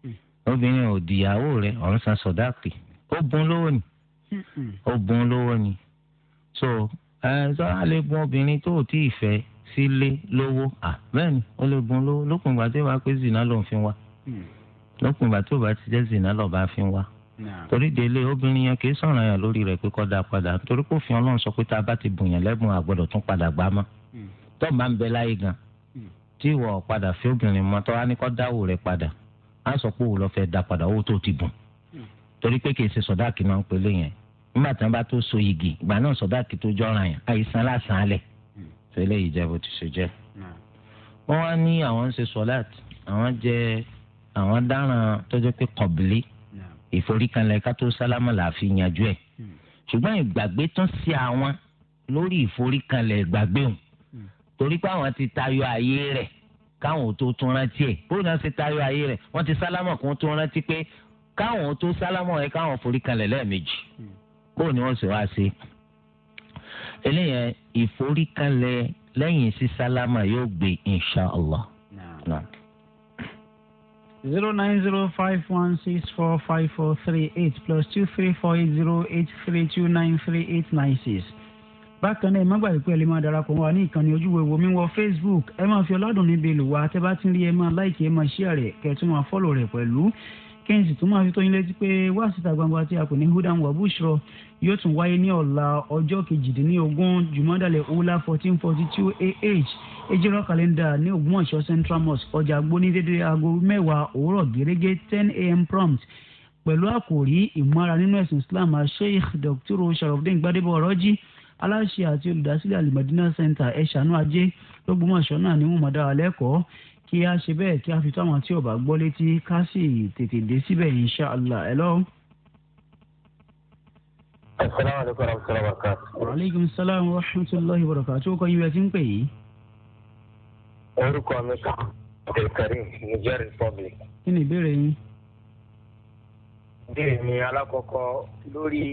hmm. obìnrin ò dìyàwó rẹ̀ ọ̀n san sọdá àkè ó bùn lówó ni hmm. ó bùn lówó ni so ẹ sọ àlè bùn obìnrin tó ò tí ì fẹ́ sílé lówó bẹ́ẹ̀ ni ó lè bùn lówó lókùngbà tí wàá pé zina ló ń fi wá. Hmm. lópin ìgbà tí ò bá ti jẹ́ zina lọ́ba fi ń wá torí délé obìnrin yẹn kìí sọ̀rọ̀ yàn lórí rẹ̀ pé kó dá padà torí kò fi ọlọ́run sọ pé tá a bá ti bùn yàn lẹ́bùn àgbọ̀dọ̀ tún padà gbá mọ́ hmm. tó máa ń bẹ láyé gan hmm. tí ìwọ padà fi obìnrin mọ́ tó wá ní kó dáwò rẹ̀ padà á sọ pé òun lọ fẹ́ dá padà owó tó ti bùn torí pé kìí ṣe sọ̀dáàkì náà ń pelé yẹn nígbà tí wọ́n bá tó so igi ìgbà náà sọ̀dáàkì tó jọ́ra àwọn dáràn tọjọ pé kọbílì ìforíkanlẹ̀ ká tó sálámà làáfi yanjú ẹ hmm. ṣùgbọ́n ìgbàgbé tán sí àwọn lórí ìforíkanlẹ̀ ìgbàgbé òun hmm. torí pé àwọn ti tayọ ààyè rẹ̀ káwọn ò tó tún rántí ẹ bóyá náà ti tayọ ààyè rẹ̀ wọ́n ti sálámà kó tó rántí pé káwọn ò tó sálámà ẹ káwọn foríkanlẹ̀ lẹ́ẹ̀mejì hmm. bóyá ni wọ́n sì wá sí eléyẹn ìforíkanlẹ̀ lẹ́yìn sí sálámà yóò gbé inṣàlá. Nah. Nah zero nine zero five one six four five four three eight plus two three four eight zero eight three two nine three eight nine six. bákan náà ẹ má gbàgbé pé ẹ lè máa darapọ̀ wá ní ìkànnì ojúwe wo mi wọ facebook ẹ máa fi ọlọ́dún níbi èlò wa tẹ́ bá ti ń rí ẹ máa láìkì ẹ máa share rẹ̀ kẹ́ ẹ tún máa follow rẹ̀ pẹ̀lú kí n sì tún máa fi tó létí pé wá síta gbangba tí a kò ní húdà wọ̀ búṣọ yóò tún wáyé ní ọ̀la ọjọ́ kejìdínlógún jùmọ́dàlẹ̀ ọ̀la fourteen forty two ah ejirọ́ kàlẹ́ndà ní ògbómọ̀ṣọ́ central mosque ọjà gbóni dédé aago mẹ́wàá òwúrọ̀ gẹ́gẹ́ ten a.m. prompt pẹ̀lú àkòrí ìmọ̀ra nínú ẹ̀sìn islam sheikh dr sharafdin gbadebo ọ̀rọ̀jì aláṣẹ àti olùdásílẹ̀ alimadina center ẹ̀ṣánú ajé lọ́gbọ́mọ̀ṣọ́ náà ni wọ́n mọ̀ dára lẹ́kọ̀ọ́ kí a ṣe bẹ́ẹ̀ kí a fi tó àwọn tí ò bá gbọ́ létí ká sì tètè dé síbẹ̀ insha allah hello asalaamualeykum warahmatulahi wabarakatuh. waaleykum salaam wa rahmatulahi wa barakatuh. ọkọ ibi ẹ ti ń pè yìí. orúkọ mi kan abdul karim niger republic. kí ni ìbéèrè yín. ìbéèrè mi alákọ̀ọ́kọ́ lórí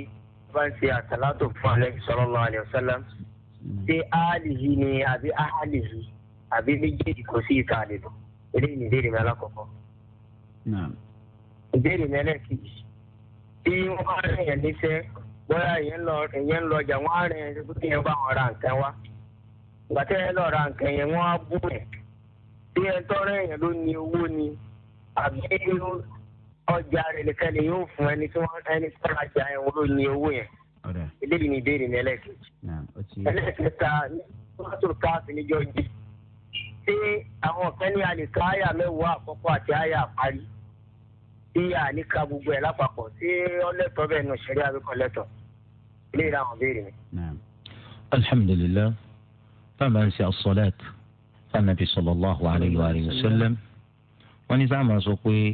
fáńsì àtàlátò fún alẹ́ sallallahu alayhi wa sallam ṣé áàlìyí ni àbí áàlìyí àbí méjèèjì kò sí ìta àlejò eléyìí ni ìbéèrè mi alákọ̀ọ́kọ́. ìbéèrè mi ẹlẹ́ẹ̀kejì tí wọ́n bá rẹ̀ yẹn níṣẹ́ bóyá ìyẹn ń lọ ìyẹn ń lọ ọjà wọn á rìn ẹni pé kíyẹn bá wọn ra nǹkan wá ìgbà tí ẹ lọ ra nǹkan yẹn wọn á bú rẹ bí ẹ tọrọ èèyàn ló ní owó ni àbí ọjà rẹ nìkan ni yóò fún ẹni tí wọn ẹni tí wọn rajà yẹn wọn ló ní owó yẹn eléyìí ni ìbéèrè ní ẹlẹ́ẹ̀kejì ẹlẹ́ẹ̀kẹta ní tomato káàsì níjọ jí ṣé àwọn kan ní alẹ́ ká àyà mẹ́wàá àkọ́kọ́ àti àyà parí bí àníkà gbogbo ẹ̀ lápapọ̀ ṣé ọlẹ́tọ̀ bẹ́ẹ̀ nù ṣẹ́rí àbíkọ́ lẹ́tọ̀ọ́. نعم الحمد لله فما أنسى الصلاة النبي صلى الله عليه وآله وسلم ونزعم sáà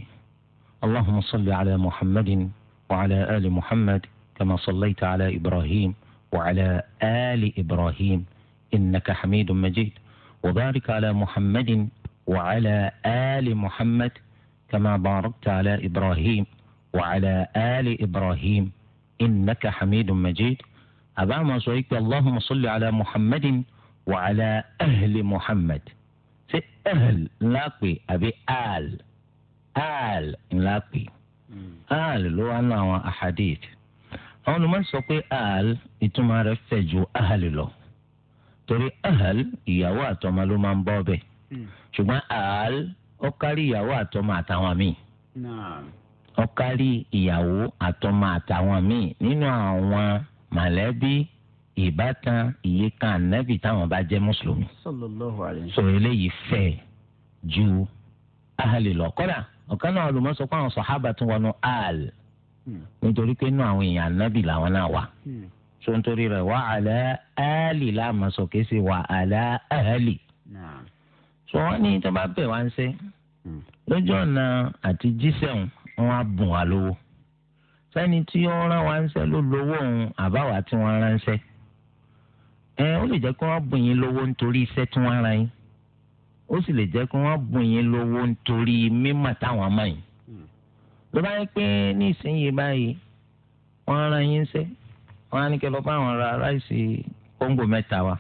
اللهم صل على محمد وعلى آل محمد كما صليت على إبراهيم وعلى آل إبراهيم إنك حميد مجيد وبارك على محمد وعلى آل محمد كما باركت على إبراهيم وعلى آل إبراهيم innaka hamidun majid àbá máa sọ pé allahumma salli ala muhammadin wa ala ahli muhammad ṣé ahl ńlá pè àbí al al ńlá pè al ló wà ní àwọn ahadith àwọn olùmọ̀ sọ pé al ìtumọ̀ rẹ̀ fẹ̀ ju ahl lọ torí ahl ìyàwó àtọmọ ló máa ń bọ́ bẹ́ẹ̀ hmm. ṣùgbọ́n al ó kárí ìyàwó àtọmọ àtàwọn míì ọkárí ìyàwó àtọmọ àtàwọn míì nínú àwọn mọ̀lẹ́bí ìbátan ìyíká ànábì táwọn bá jẹ́ mùsùlùmí. sọ eléyìí fẹ́ ju ahàlè lọ kọ́dà ọ̀kan náà ló mọ̀ sọ pé àwọn sọ̀hábà tún wọnú àl hmm. nítorí pé inú àwọn èèyàn ànábì làwọn náà wà. Hmm. sọ nítorí rẹ̀ wà àlẹ́ àlì láàmú sọ wà àlẹ́ àlì. sọ wọ́n ní tó bẹ̀ wá ń ṣe hmm. lójú ọ̀nà àti jísẹ̀hùn wọn á bùn wá lówó sẹ́ni tí wọ́n rán wa ńṣẹ́ ló lówó òun àbáwá tí wọ́n rán ńṣẹ́ ẹ ó lè jẹ́ kí wọ́n bùn yín lówó nítorí iṣẹ́ tí wọ́n rán yín ó sì lè jẹ́ kí wọ́n bùn yín lówó nítorí mímọ̀ táwọn mọ̀ yín ló bá yẹ pé ní ìsinyìí báyìí wọ́n rán yín ńṣẹ́ wọ́n á ní kí ẹ lọ bá àwọn ra ráìsì kóńgò mẹ́ta wa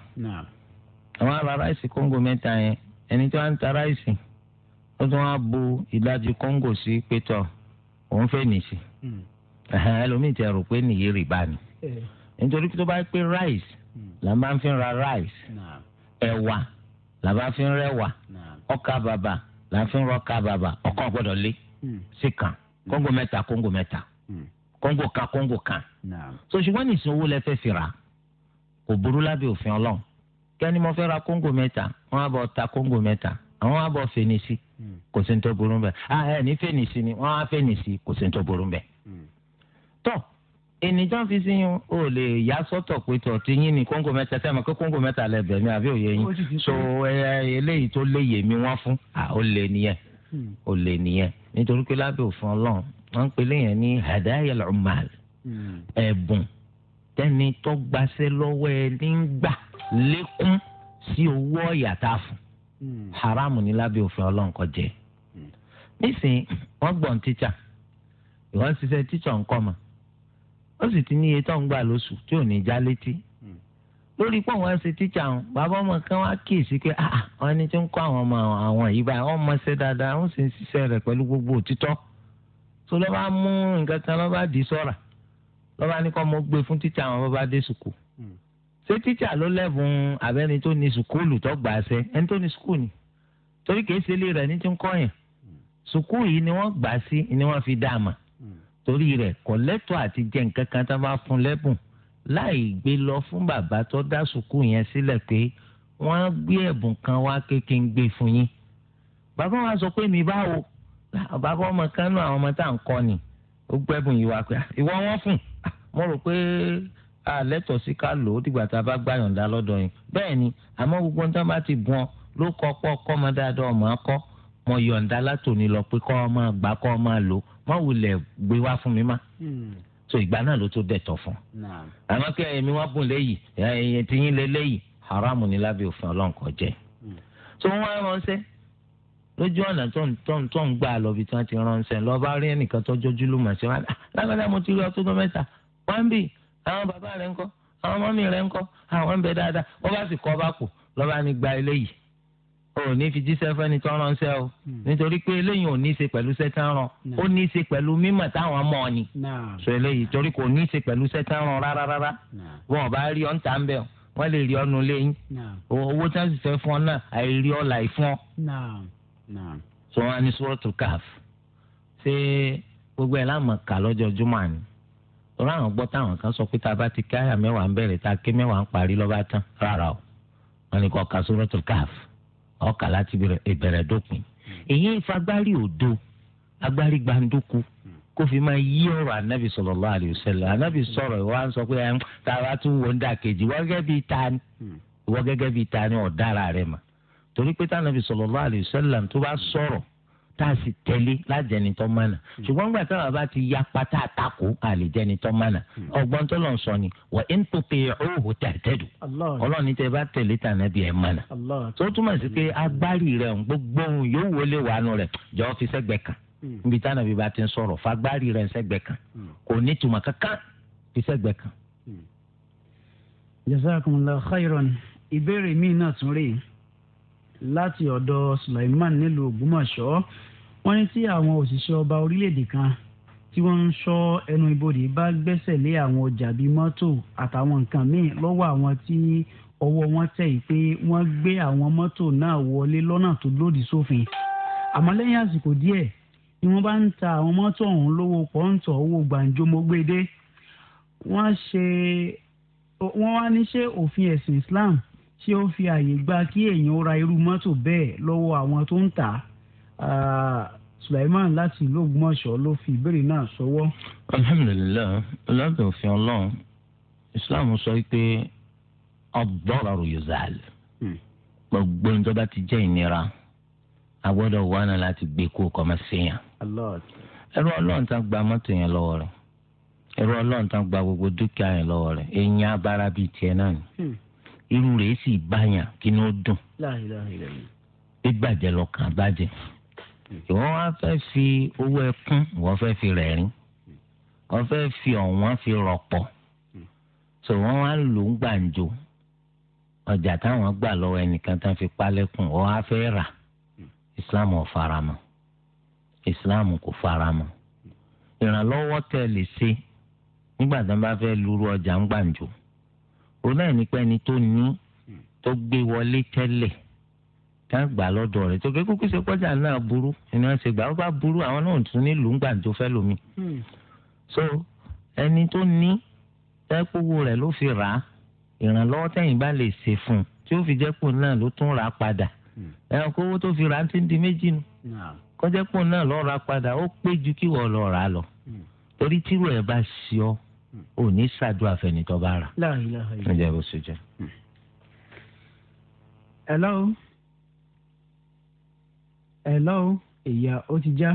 àwọn ará ráìsì kóńgò mẹ́ta yẹn ẹni tí wọ́n ń ta ráìsì ó tún wá bu ìdajì kóńgò sí pétọ́ òun fẹ́ nìṣe hmm. ẹlòmíì ti rò pé nìyí rìbá ni eh. nítorí tó bá pé rice hmm. la máa fi ra rice ẹ̀wà la bá fi rẹ̀wà ọkà bàbà la fi rọkà bàbà ọkàn gbọ́dọ̀ lé hmm. sí kan kóńgò mẹ́ta kóńgò mẹ́ta kóńgò kan kóńgò kan so ṣùgbọ́n nìṣẹ́ owó lẹ́fẹ́ fi rà kò burú lábẹ́ òfin ọlọ́run kẹ́ni mo fẹ́ ra kóńgò mẹ́ta wọ́n á bọ̀ ta kóńgò mẹ́ta àwọn abọ fènìsì hmm. kò sí ní tó burú bẹ à ah, ẹ ní fènìsì ni wọn á fènìsì kò sí ní tó burú bẹ. tọ ènìjọ́ fi sí yín o lè yá sọ́tọ̀ pé tọ̀ tí yín ní kóńgò mẹ́ta sẹ́mi pé kóńgò mẹ́ta lẹ bẹ̀ mí àbí òye yín so eléyìí tó léyè mi wọ́n fún ó lè nìyẹn hmm. ó lè nìyẹn nítorí pé lábẹ́ òfin ọlọ́run wọ́n ń pè léyìn ní hadayel umar hmm. ẹ̀bùn tẹ́ni tó gbaṣẹ́ lọ́wọ́ ẹ ní gbà lékún sí owó ọ̀yà tá a fún Hmm. haramu ní lábẹ́ òfin ọlọ́run kò jẹ́ hmm. nísìnyí wọ́n gbọ̀n títsà ìwọ́n ń ṣiṣẹ́ títsà ńkọ́ mọ́ ó sì ti ní iye tó ń gbà lóṣù tí ò ní já létí hmm. lórí pọ̀ wọ́n ṣe títsà ń bàbá ọmọ kan wá kíyèsí pé ah, ah, wọ́n ní tí ń kọ́ àwọn ọmọ àwọn yìí báyìí wọ́n mọṣẹ́ dáadáa wọ́n sì ń ṣiṣẹ́ rẹ̀ pẹ̀lú gbogbo òtítọ́ tó lọ́ba mú nǹkan kan lọ́ba dì sọ́ra lọ́ba ní kọ́ mọ́ gbé fún títsà àwọn bàbá dé sùkúù ṣé tíṣà ló lẹ́bùn abẹ́ni tó ní sùkúlù tó gbà ṣe ẹni tó ní sùkúlù ni torí kìí ṣe ilé rẹ̀ ní ti ń kọ́ yẹn sùkúlù yìí ni wọ́n gbà sí ni wọ́n fi dá a mà torí rẹ̀ kọ̀lẹ́tọ̀ àti jẹ́ nǹkan kan tó bá fún lẹ́bùn láì gbé lọ fún bàbá tó dá sùkúlù yẹn sílẹ̀ pé wọ́n gbé ẹ̀bùn kan wá kékeré ń gbé fún yín bàbá wa sọ pé mi báwo bàbá ọmọ kan náà àwọn ọmọ tá à ń kọ́ ni ó gbẹ́bùn yìí wá pé ah, ìwọ wọn fún ah, mo rò pé àlẹ́tọ̀ sí ká lò ó dìgbà tá a bá gbàyànjá lọ́dọ̀ yìí bẹ́ẹ̀ ni àmọ́ gbogbo ń tán bá ti bùn ọ ló kọ́ pọ́ kọ́ mọ dáadáa ọmọ akọ́ mọ yọ̀ǹda látòní lọ pé kọ́ ọ máa gbà kọ́ ọ máa lò wulẹ̀ gbé wá fún mi má hmm. so ìgbà náà ló tó dẹ̀tọ̀ fún àmọ́ kí ẹ̀mí wọn bùn léyìí ẹ̀yẹ ti yín lé haramu ni lábẹ́ òfin ọlọ́nkọ jẹ́ hmm. so wọ́n wá ránṣẹ́ lójú ọ̀nà tó ń gbà lọ bí tí wọ́n ti ránṣẹ́ lọ́ọ́ bá rí ẹnìkan tó jọjú lùmọ̀ wọn ah, lágbàdá mo ti rí ọ tó mẹ́ta wọ́n ń bì í àwọn bàbá rẹ̀ ńkọ́ àwọn mọ́mí rẹ̀ ńkọ́ àwọn ń bẹ dáadáa wọ́n bá sì kọ́ bá kù lọ́ba ní gba eléyìí o ò ní fi jíṣẹ́ fẹ́ni tó ránṣẹ́ o hmm. nítorí pé eléyìí ò ní í ṣe pẹ̀lú sẹ́tẹ́rán hmm. ó ní í ṣe pẹ̀lú mímọ̀ táwọn mọ̀ ni hmm. sọ eléyìí torí kò ní í ṣe pẹ̀lú sẹ́tẹ́rán rárá rárá wọn ò bá rí ọ́ ń tà ń bẹ̀ wọ́n lè rí ọ́nu lẹ́yìn owó tí wọ́n sì fẹ́ fún ọ náà àìrí ọ́ làì fún ọ. sọ wọn ní sọ́ọ̀tù káf ṣé gbogbo ẹ̀ láàmú kà lọ́jọ́ jùmọ̀ ni. torí àwọn gbọ́ táwọn kan sọ pé tá a bá ti ká àyà mẹ́wàá ń bẹ̀rẹ̀ tá a ké mẹ́wàá ń parí lọ́ba tán rárá o wọn ni kò ka suratul Kahf ọkà láti ìbẹ̀rẹ̀ dópin èyí ìfagbárí òdo agbárí gbàǹdùkú kó fi máa yí anabi sallallahu alaihi wasallam anabi sọ̀rọ̀ ìwọ à ń sọ pé ẹ tá a bá tún wọ ń kejì bíi ta ìwọ gẹ́gẹ́ bíi tá a sì tẹ̀lé lájẹni tó mánà hmm. ṣùgbọ́n gbà táwọn bá ti ya pátá àtakò àlejẹni tó mánà hmm. ọgbọ́n tó lọ́n sọ ni wà á ń tó pe òhò tẹ̀tẹ̀dù ọlọ́ọ̀ni tẹ bá tẹ̀lé tànà bí ẹ̀ mánà tó túmọ̀ sí pé agbárí rẹ̀ ń gbogbo ohun yóò wọlé wàánu rẹ̀ jọ fi sẹ́gbẹ̀ kan hmm. níbi táwọn bí bá ti ń sọ̀rọ̀ fagbárí rẹ̀ ń sẹ́gbẹ̀ kan kò ní tùmọ̀ kankan fi sẹ́gbẹ̀ kan. jazakumullahu láti ọ̀dọ̀ Suleiman nílùú Ògbómọ̀ṣọ́ wọ́n ní tí àwọn òṣìṣẹ́ ọba orílẹ̀-èdè kan tí wọ́n ń ṣọ́ ẹnu ibodè bá gbẹ́sẹ̀ lé àwọn ọjà bíi mọ́tò àtàwọn nǹkan míì lọ́wọ́ àwọn tí ọwọ́ wọn tẹ̀ yìí pé wọ́n gbé àwọn mọ́tò náà wọlé lọ́nà tó lòdì sófin àmọ́ lẹ́yìn àsìkò díẹ̀ ni wọ́n bá ń ta àwọn mọ́tò ọ̀hún lówó pọ́ńtọ̀ owó gbàǹjo mọ́gbédé wọ́n ṣe ní ṣe òfin ẹ̀sìn Islam ṣé ó fi àyè gba kí èèyàn ra irú mọ́tò bẹ́ẹ̀ lọ́wọ́ àwọn tó ń tà á ah, Sulaiman láti ìlú Ògbómọ̀ṣọ́ ló fi ìbéèrè náà sọwọ́. alhamdulilayi lábẹ́ òfin ọlọ́run Islam sọ pé ad-dararu yuzal hmm. gbogbo ní tó ti jẹ́ ìnira a gbọ́dọ̀ wà náà láti gbé kó kọ́mọ séèyàn. ẹrú ọlọ́run tá gba mọ́tò yẹn lọ́wọ́ rẹ̀ ẹrú ọlọ́run tá gba gbogbo dúkìá yẹn lọ́wọ́ rẹ̀ èèyàn abára bíi tiẹ̀ náà ni. Hmm irú rẹ̀ sì báyàn kí ni ó dùn gbígbàjẹ́ lọ́kàn bàjẹ́ ìwọ́n wá fẹ́ fi owó ẹkún wọ́n fẹ́ fi rẹ̀rín wọ́n fẹ́ fi ọ̀wọ́n fi rọpọ. so wọ́n wá lò ń gbàǹjo ọjà táwọn gbà lọ́wọ́ ẹnìkan tán fi pálẹ́kùn wọ́n wá fẹ́ rà islam ò faramọ́ islam kò faramọ́ ìrànlọ́wọ́ tẹ́ lè ṣe nígbà tí wọ́n bá fẹ́ lùrú ọjà ń gbàǹjo. òun náà nípa ẹni tó ní tó gbé wọlé tẹ́lẹ̀ tá a gbà lọ́dọ̀ rẹ̀ tó kékeré kókó ṣe pọ́jà náà burú ẹni wọ́n ṣe gbà ó bá burú àwọn náà tún ní lùúgbà tó fẹ́ lómi. Hmm. so ẹni tó ní tẹ́kọ̀wó rẹ̀ ló fi rà á ìrànlọ́wọ́ tẹ̀yìn bá lè ṣe fún un tí ó fi jẹ́ pò náà ló tún rà á padà hmm. ẹ̀rọ kówó tó fi rà á ti di méjì nu kọjá náà lọ́ọ́ rà á padà ó pé ju kí wọ́n lọ́ọ́ rà á lọ hmm. torí tírú ẹ̀ bá ṣe ò ní ṣàdúrà fẹ́nitọ́ bá rà. ǹjẹ́ bó ṣe jẹ́. Hmm. hello hello ìyá ó ti já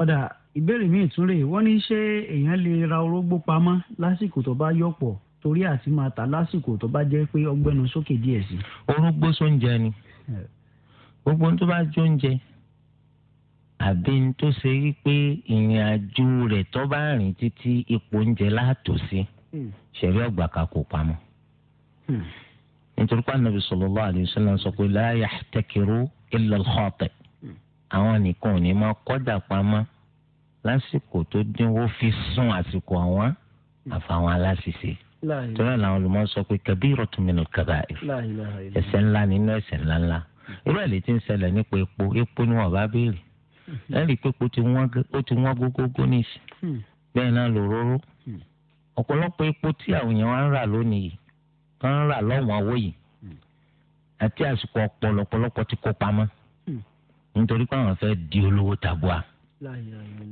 ọ̀dà ìbéèrè míì tún rèé wọ́n ní ṣé èèyàn lè ra orógbó pamọ́ lásìkò tó bá yọ̀pọ̀ torí àti máa ta lásìkò tó bá jẹ́ pé ọgbẹ́nu sókè díẹ̀ sí. orógbó sóúnjẹ ni eh. gbogbo ohun tó bá jóúnjẹ àbí n tó ṣe wípé ìrìn àjò rẹ̀ tó bá rìn títí ipò oúnjẹ láàtò sí hmm. ṣẹ̀rí ọgbà kakò pamọ́. Hmm. nítorí pé anabi sallallahu alaihi sọ pé la yahtakiru illa al-khati' hmm. àwọn nìkan ò ní máa kọ́dà pamọ́ lásìkò tó dínwó fi sún àsìkò àwọn àfàwọn aláṣìṣe tọ́lá làwọn olùmọ̀ sọ pé kabiratun min al-kaba'ir ẹ̀ṣẹ̀ ńlá nínú ẹ̀ṣẹ̀ ńlá ńlá irú ẹ̀ lè ti ń ṣẹlẹ̀ nípa epo epo ni wọ́n bá béèrè ẹ rí i pé ó ti wọ́n gógógó nìsí hmm. bẹ́ẹ̀ náà lòróró hmm. ọ̀pọ̀lọpọ̀ epo tí àwọn èèyàn wá ń rà lónìí yìí wọ́n ń rà lọ́wọ́n owó yìí hmm. àti àsìkò ọ̀pọ̀lọpọ̀lọpọ̀ ti kó pamọ́ nítorí pé àwọn fẹ́ di olówó tabua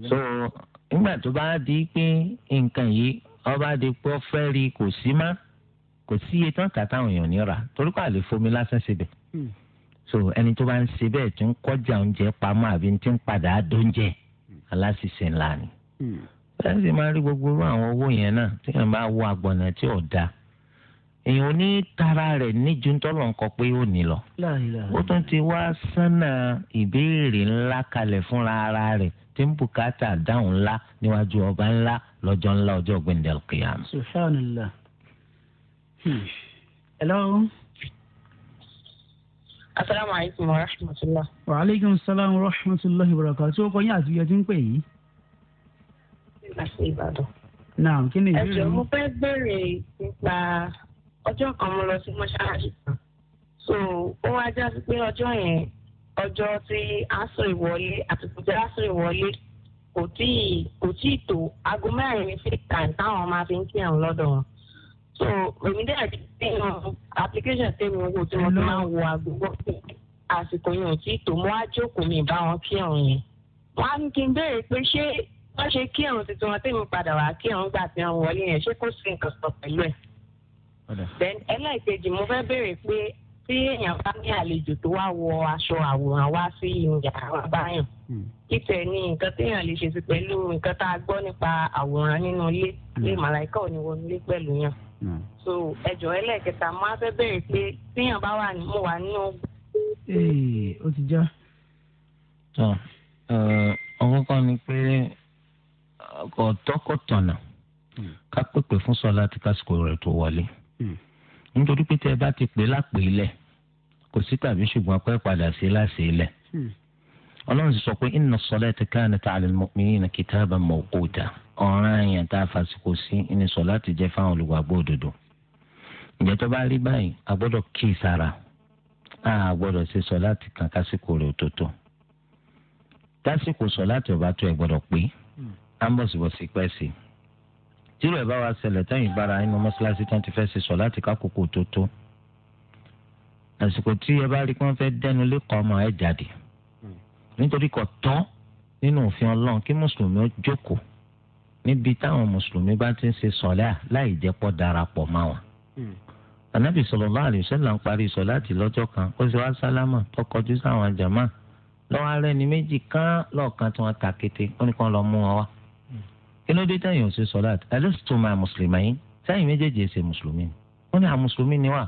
so nígbà tó bá di pé nǹkan yìí ọba di pé ó fẹ́ rí kò sí má kò sí iye tán kàtà àwọn èèyàn ní rà torí pé àlè fomi lásán síbẹ̀ so ẹni tó bá ń ṣe bẹ́ẹ̀ tí ń kọjá oúnjẹ pamọ́ àbí tí ń padà dóúnjẹ aláṣìṣe ńlá ni. Hmm. bẹ́ẹ̀ sì máa rí gbogbo irú àwọn owó yẹn náà tí èèyàn bá wọ àgbọ̀nà tí ò da èèyàn ní tara rẹ̀ níjú tọ́lọ̀ ń kọ pé ó ní lọ. ó tún ti wá sánà ìbéèrè ńlá kalẹ̀ fúnra ara rẹ̀ tí ń bùkátà dáhùn ńlá níwájú ọba ńlá lọ́jọ́ ńlá ọjọ́ gbẹ̀ndẹ̀lùkìyàmù. sùfàánù la. ẹ hmm. lọ́rùn asalaamualeykum wa rahmatulah. wa aleykum wa rahmatulah tí o kọ yín àti iye tí ń pè yìí. láti ìbàdàn. naam kí ni ìbéèrè mi. ẹ̀jọ̀ mo fẹ́ béèrè nípa ọjọ́ kan mo lọ sí mọ́ṣáláṣí kan so ó wá já sí pé ọjọ́ yẹn ọjọ́ tí aṣọ ìwọlé àtìkù tí aṣọ ìwọlé kò tíì kò tíì tó aago mẹ́rin ní fíìkà táwọn máa fi ń kí àwọn lọ́dọ̀ wọn so èmi dé àti nínú um, application tẹ́mi owó tí wọ́n máa ń wo àgbègbè àsìkò yẹn ò tí tó mo á jókòó mi bá wọn kírun yẹn wọn á ní kí n béèrè pé ṣé wọ́n ṣe kírun tuntun wọn tẹ́mi padà wá kírun gbà tí wọ́n wọlé yẹn ṣé kò sí nǹkan sọ pẹ̀lú ẹ̀. then ẹlẹ́ẹ̀kejì mo fẹ́ béèrè pé tí èèyàn bá ní àlejò tó wá wọ aṣọ àwòrán wá sí yàrá báyìí ìtẹ̀ hmm. ni nǹkan téèyàn lè ṣe sí pẹ̀lú nǹkan tá a gbọ́ nípa àwòrán nínú ilé ilé hmm. màláìkà ò ní wọnú ilé pẹ̀lú yàn. Hmm. so ẹjọ ẹlẹ́ẹ̀kẹta mo á fẹ́ bẹ̀rẹ̀ pé téèyàn bá wà mo wà nínú. ó ti já. tọ uh, ọkọkọ ni pé ọkọ tọkọtọnà hmm. ká pèpè fún sọlá tí kásìkò rẹ̀ tó wọlé hmm. nítorí pé tẹ bá ti pè lápè ilẹ̀ kò sí tàbí ṣùgbọ́n pé padà sí láṣẹ ilẹ̀ ọlọ́run ti sọ pé inna as-salata kanat 'ala al-mu'minina kitaban mawquta ọ̀ràn èèyàn tá a fasikò sí ní sọ láti jẹ́ fáwọn olùgbàgbọ́ òdodo ǹjẹ́ tó bá rí báyìí a gbọ́dọ̀ kí sára a gbọ́dọ̀ ṣe sọ láti kàn kásìkò rẹ̀ òtótó tásìkò sọ láti ọ̀bá tó ẹ̀ gbọ́dọ̀ pé à ń bọ̀sibọ̀sì pẹ́ sí i tírò ẹ̀ bá wa ṣẹlẹ̀ tẹ́yìn bára nínú mọ́ṣáláṣí tán ti fẹ́ ṣe sọ láti kákòókò òtótó àsìkò tí ẹ bá rí pé wọ́n fẹ́ dẹnu lẹ́kọ̀ọ́ ọmọ ẹ̀ jáde hmm. nítorí kò tán nínú òfin ọlọ́run kí mùsùlùmí ó jókòó níbi táwọn mùsùlùmí bá ti ń ṣe sọlá láì jẹ́ pọ̀ darapọ̀ mọ́ wọn. anabi hmm. sallallahu alaihi wasallam ń parí sọlá ti lọ́jọ́ kan ó sì wá sálámà tó kọjú sáwọn jàmá lọ́wọ́ ara ẹni méjì kan lọ́ọ̀kan tí wọ́n ta kété ó ní kàn lọ mú wọn wá. Hmm. kí ló dé táyọ̀ ṣe sọlá alastu ma muslimayn sẹ́yìn méjèèjì ṣe mùsùlùmí ni wọ́n ní àwọn mùsùlùmí ni wà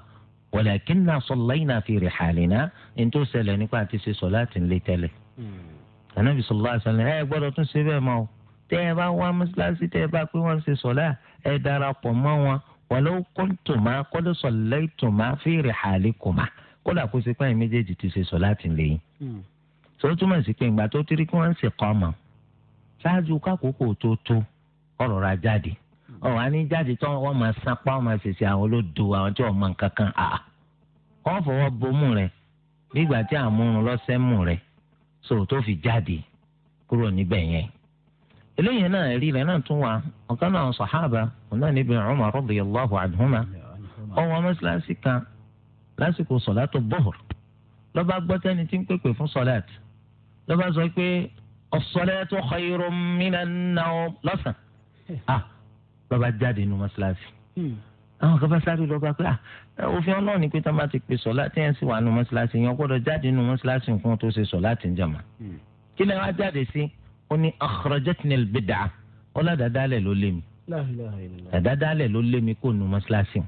walakinna sallayna fi rihalina ní tó ṣẹlẹ̀ tẹ́ ẹ bá wá mọ́ṣáláṣí tẹ́ ẹ bá pé wọ́n ń ṣe sọ̀lá ẹ darapọ̀ mọ́ wọn wàlẹ́ kọ́ńtùmá kọ́dọ̀ sọ̀lẹ́ ìtùmá fèrè hàlíkùmá kódà kó ṣe pẹ́yìn méjèèjì ti ṣe sọ̀lá tì lẹ́yìn. sọ túmọ̀ sí pé ìgbà tó tiri kí wọ́n ń ṣe kọ́ ọmọ ṣáájú kákòókò tó tó ọ̀rọ̀ ra jáde hmm. ọ̀rọ̀ á ní jáde tó wọ́n máa sapá wọ́n máa ṣèṣe àwọn olódo àwọn tí wọ́n máa kankan eléyìí náà rí rẹ̀ náà tún wà ọ̀kan náà sàhábà òun náà ní Ibn Umar radiyallahu anhuma ọwọ́ mọ́sálásí kan lásìkò sọ̀látò bọ́ọ̀r lọ́ba gbọ́tẹ́ni tí ń pèpè fún sọ̀lát lọ́ba sọ pé as-salatu khayrun minan nawm lọ́sàn án lọ́ba ah, jáde nínú mọ́sálásí hmm. àwọn kan bá sáré lọ bá pé ah, òfin ọlọ́run ni pé tá a máa ti pè sọ láti ẹ̀ ń sì wà nù mọ́ṣáláṣí yẹn gbọ́dọ̀ jáde nù mọ́ṣáláṣí nǹkan tó ṣe sọ láti ń jàmà. Hmm. kí lẹ́ wá jáde sí ó ní akhrajatnil bid'ah ó lá dáadáalẹ̀ ló lé mi dáadáalẹ̀ ló lé mi kó nu mọ́ṣáláṣí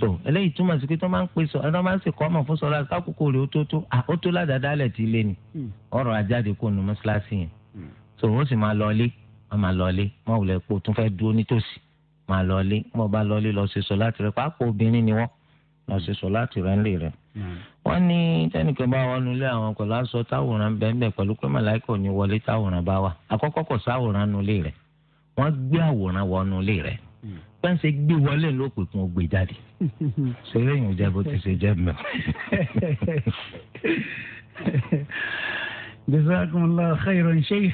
so eléyìí túmọ̀ sí pé tó máa ń pè sọ ẹni tó máa ń sèkọ́ ọmọ fún sọlá kákòókò rẹ̀ ó tó tó ó tó ládàádálẹ̀ tí ilé ni hmm. ọ̀rọ̀ ajáde kó nu mọ́ṣáláṣí yẹn hmm. so ó sì máa lọlé wọ́n máa lọlé wọ́n wùlẹ̀ pé o tún fẹ́ dúró nítòsí máa lọlé wọ́n bá lọlé lọ ṣe láti rẹ̀ wọ́n ní tẹ́nìkan bá wọnú ilé àwọn kò láṣọ táwòrán bẹ́ẹ̀ pẹ̀lú pé màláìkà ò ní wọlé táwòrán bá wà àkọ́kọ́ kò sáwòrán nu ilé rẹ̀ wọ́n gbé àwòrán wọnú ilé rẹ̀ pẹ́ńsẹ̀ gbé wọlé ló pè kún ògbé jáde ṣeré yìí jẹ́ bó ti ṣe jẹ́ mọ́. jazakumullahu khairan sheikh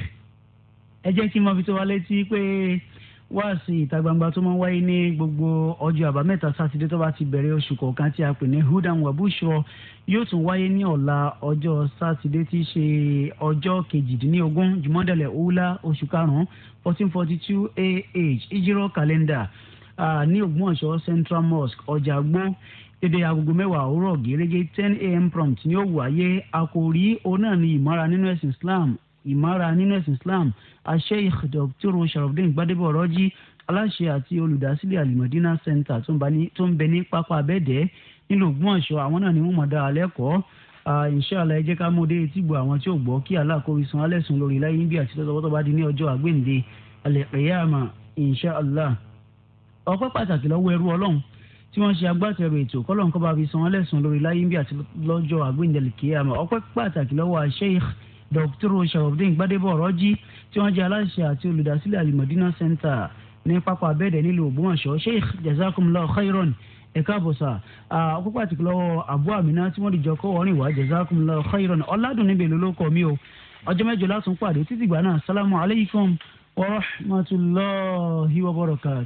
ẹ jẹ́ kí n mọ fi tó wa létí pé wáàsí ìta gbangba tó máa ń wáyé ní gbogbo ọjọ́ àbámẹ́ta sátidé tó bá ti bẹ̀rẹ̀ oṣù kọ̀ọ̀kan tí a pè ní hudan wabushọ yóò tún wáyé ní ọ̀la ọjọ́ sátidé tí í ṣe ọjọ́ kejìdínlógún jùmọ́dẹ̀lẹ̀ òwúlá oṣù karùn-ún fourteen forty two AH ìjírọ̀ kàlẹ́ndà ní ògbómọ̀ṣọ́ central mosque ọjà gbó dédé agogo mẹ́wàá òwúrọ̀ gẹ́gẹ́ ten a.m. prompt ni ó wáyé àkòrí òun náà ni ìmọ̀ra nínú ẹ̀sìn islam ìmára nínú ẹ̀sìn islam asheikh dr sharafdin gbadebo ọ̀rọ̀jì aláṣẹ àti olùdásílẹ̀ alimọ̀dínà center tó ń bẹ ní pápá abẹ́dẹ́ nílùú Ògbómọ̀ṣọ́ àwọn náà ni wọ́n mọ̀ dára lẹ́kọ̀ọ́ inṣàlá ẹ jẹ́ ká mú dé etí gbọ́ àwọn tí ò gbọ́ kí aláàkórí san alẹ́sùn lórí láyé ń bí àti tọ́tọ́tọ́ bá di ní ọjọ́ àgbéǹde alẹ́kẹ̀yàmà inṣàlá. ọpẹ́ pàtàkì lọ́wọ́ ẹrú ọlọ́run tí wọ́n ṣe agbátẹrù ètò kọ́lọ́n bá fi san alẹ́sùn lórí láyé ń àti lọ́jọ́ àgbéǹde alẹ́kẹ̀yàmà ọpẹ́ pàtàkì lọ́wọ́ Sheikh dr sharafdin gbadebo ọrọjí tí wọ́n jẹ́ aláṣẹ àti olùdásílẹ̀ alimọdínà center ní pápá abẹ́ẹ̀dẹ̀ nílùú ògbómọ̀ṣọ́ sheikh jazakumullah khairon ẹ̀ka àbọ̀sà àkókò àti lọ́wọ́ abu amina tí wọ́n dìjọ kọ́ wọ́n rìn wá jazakumullah khairon ọ̀làdùnní bèlú ló kọ́ mi o ọjọ́ mẹ́jọ látún pàdé títí gbà náà sálámù alaykum wa rahmatulahi wa barakatu.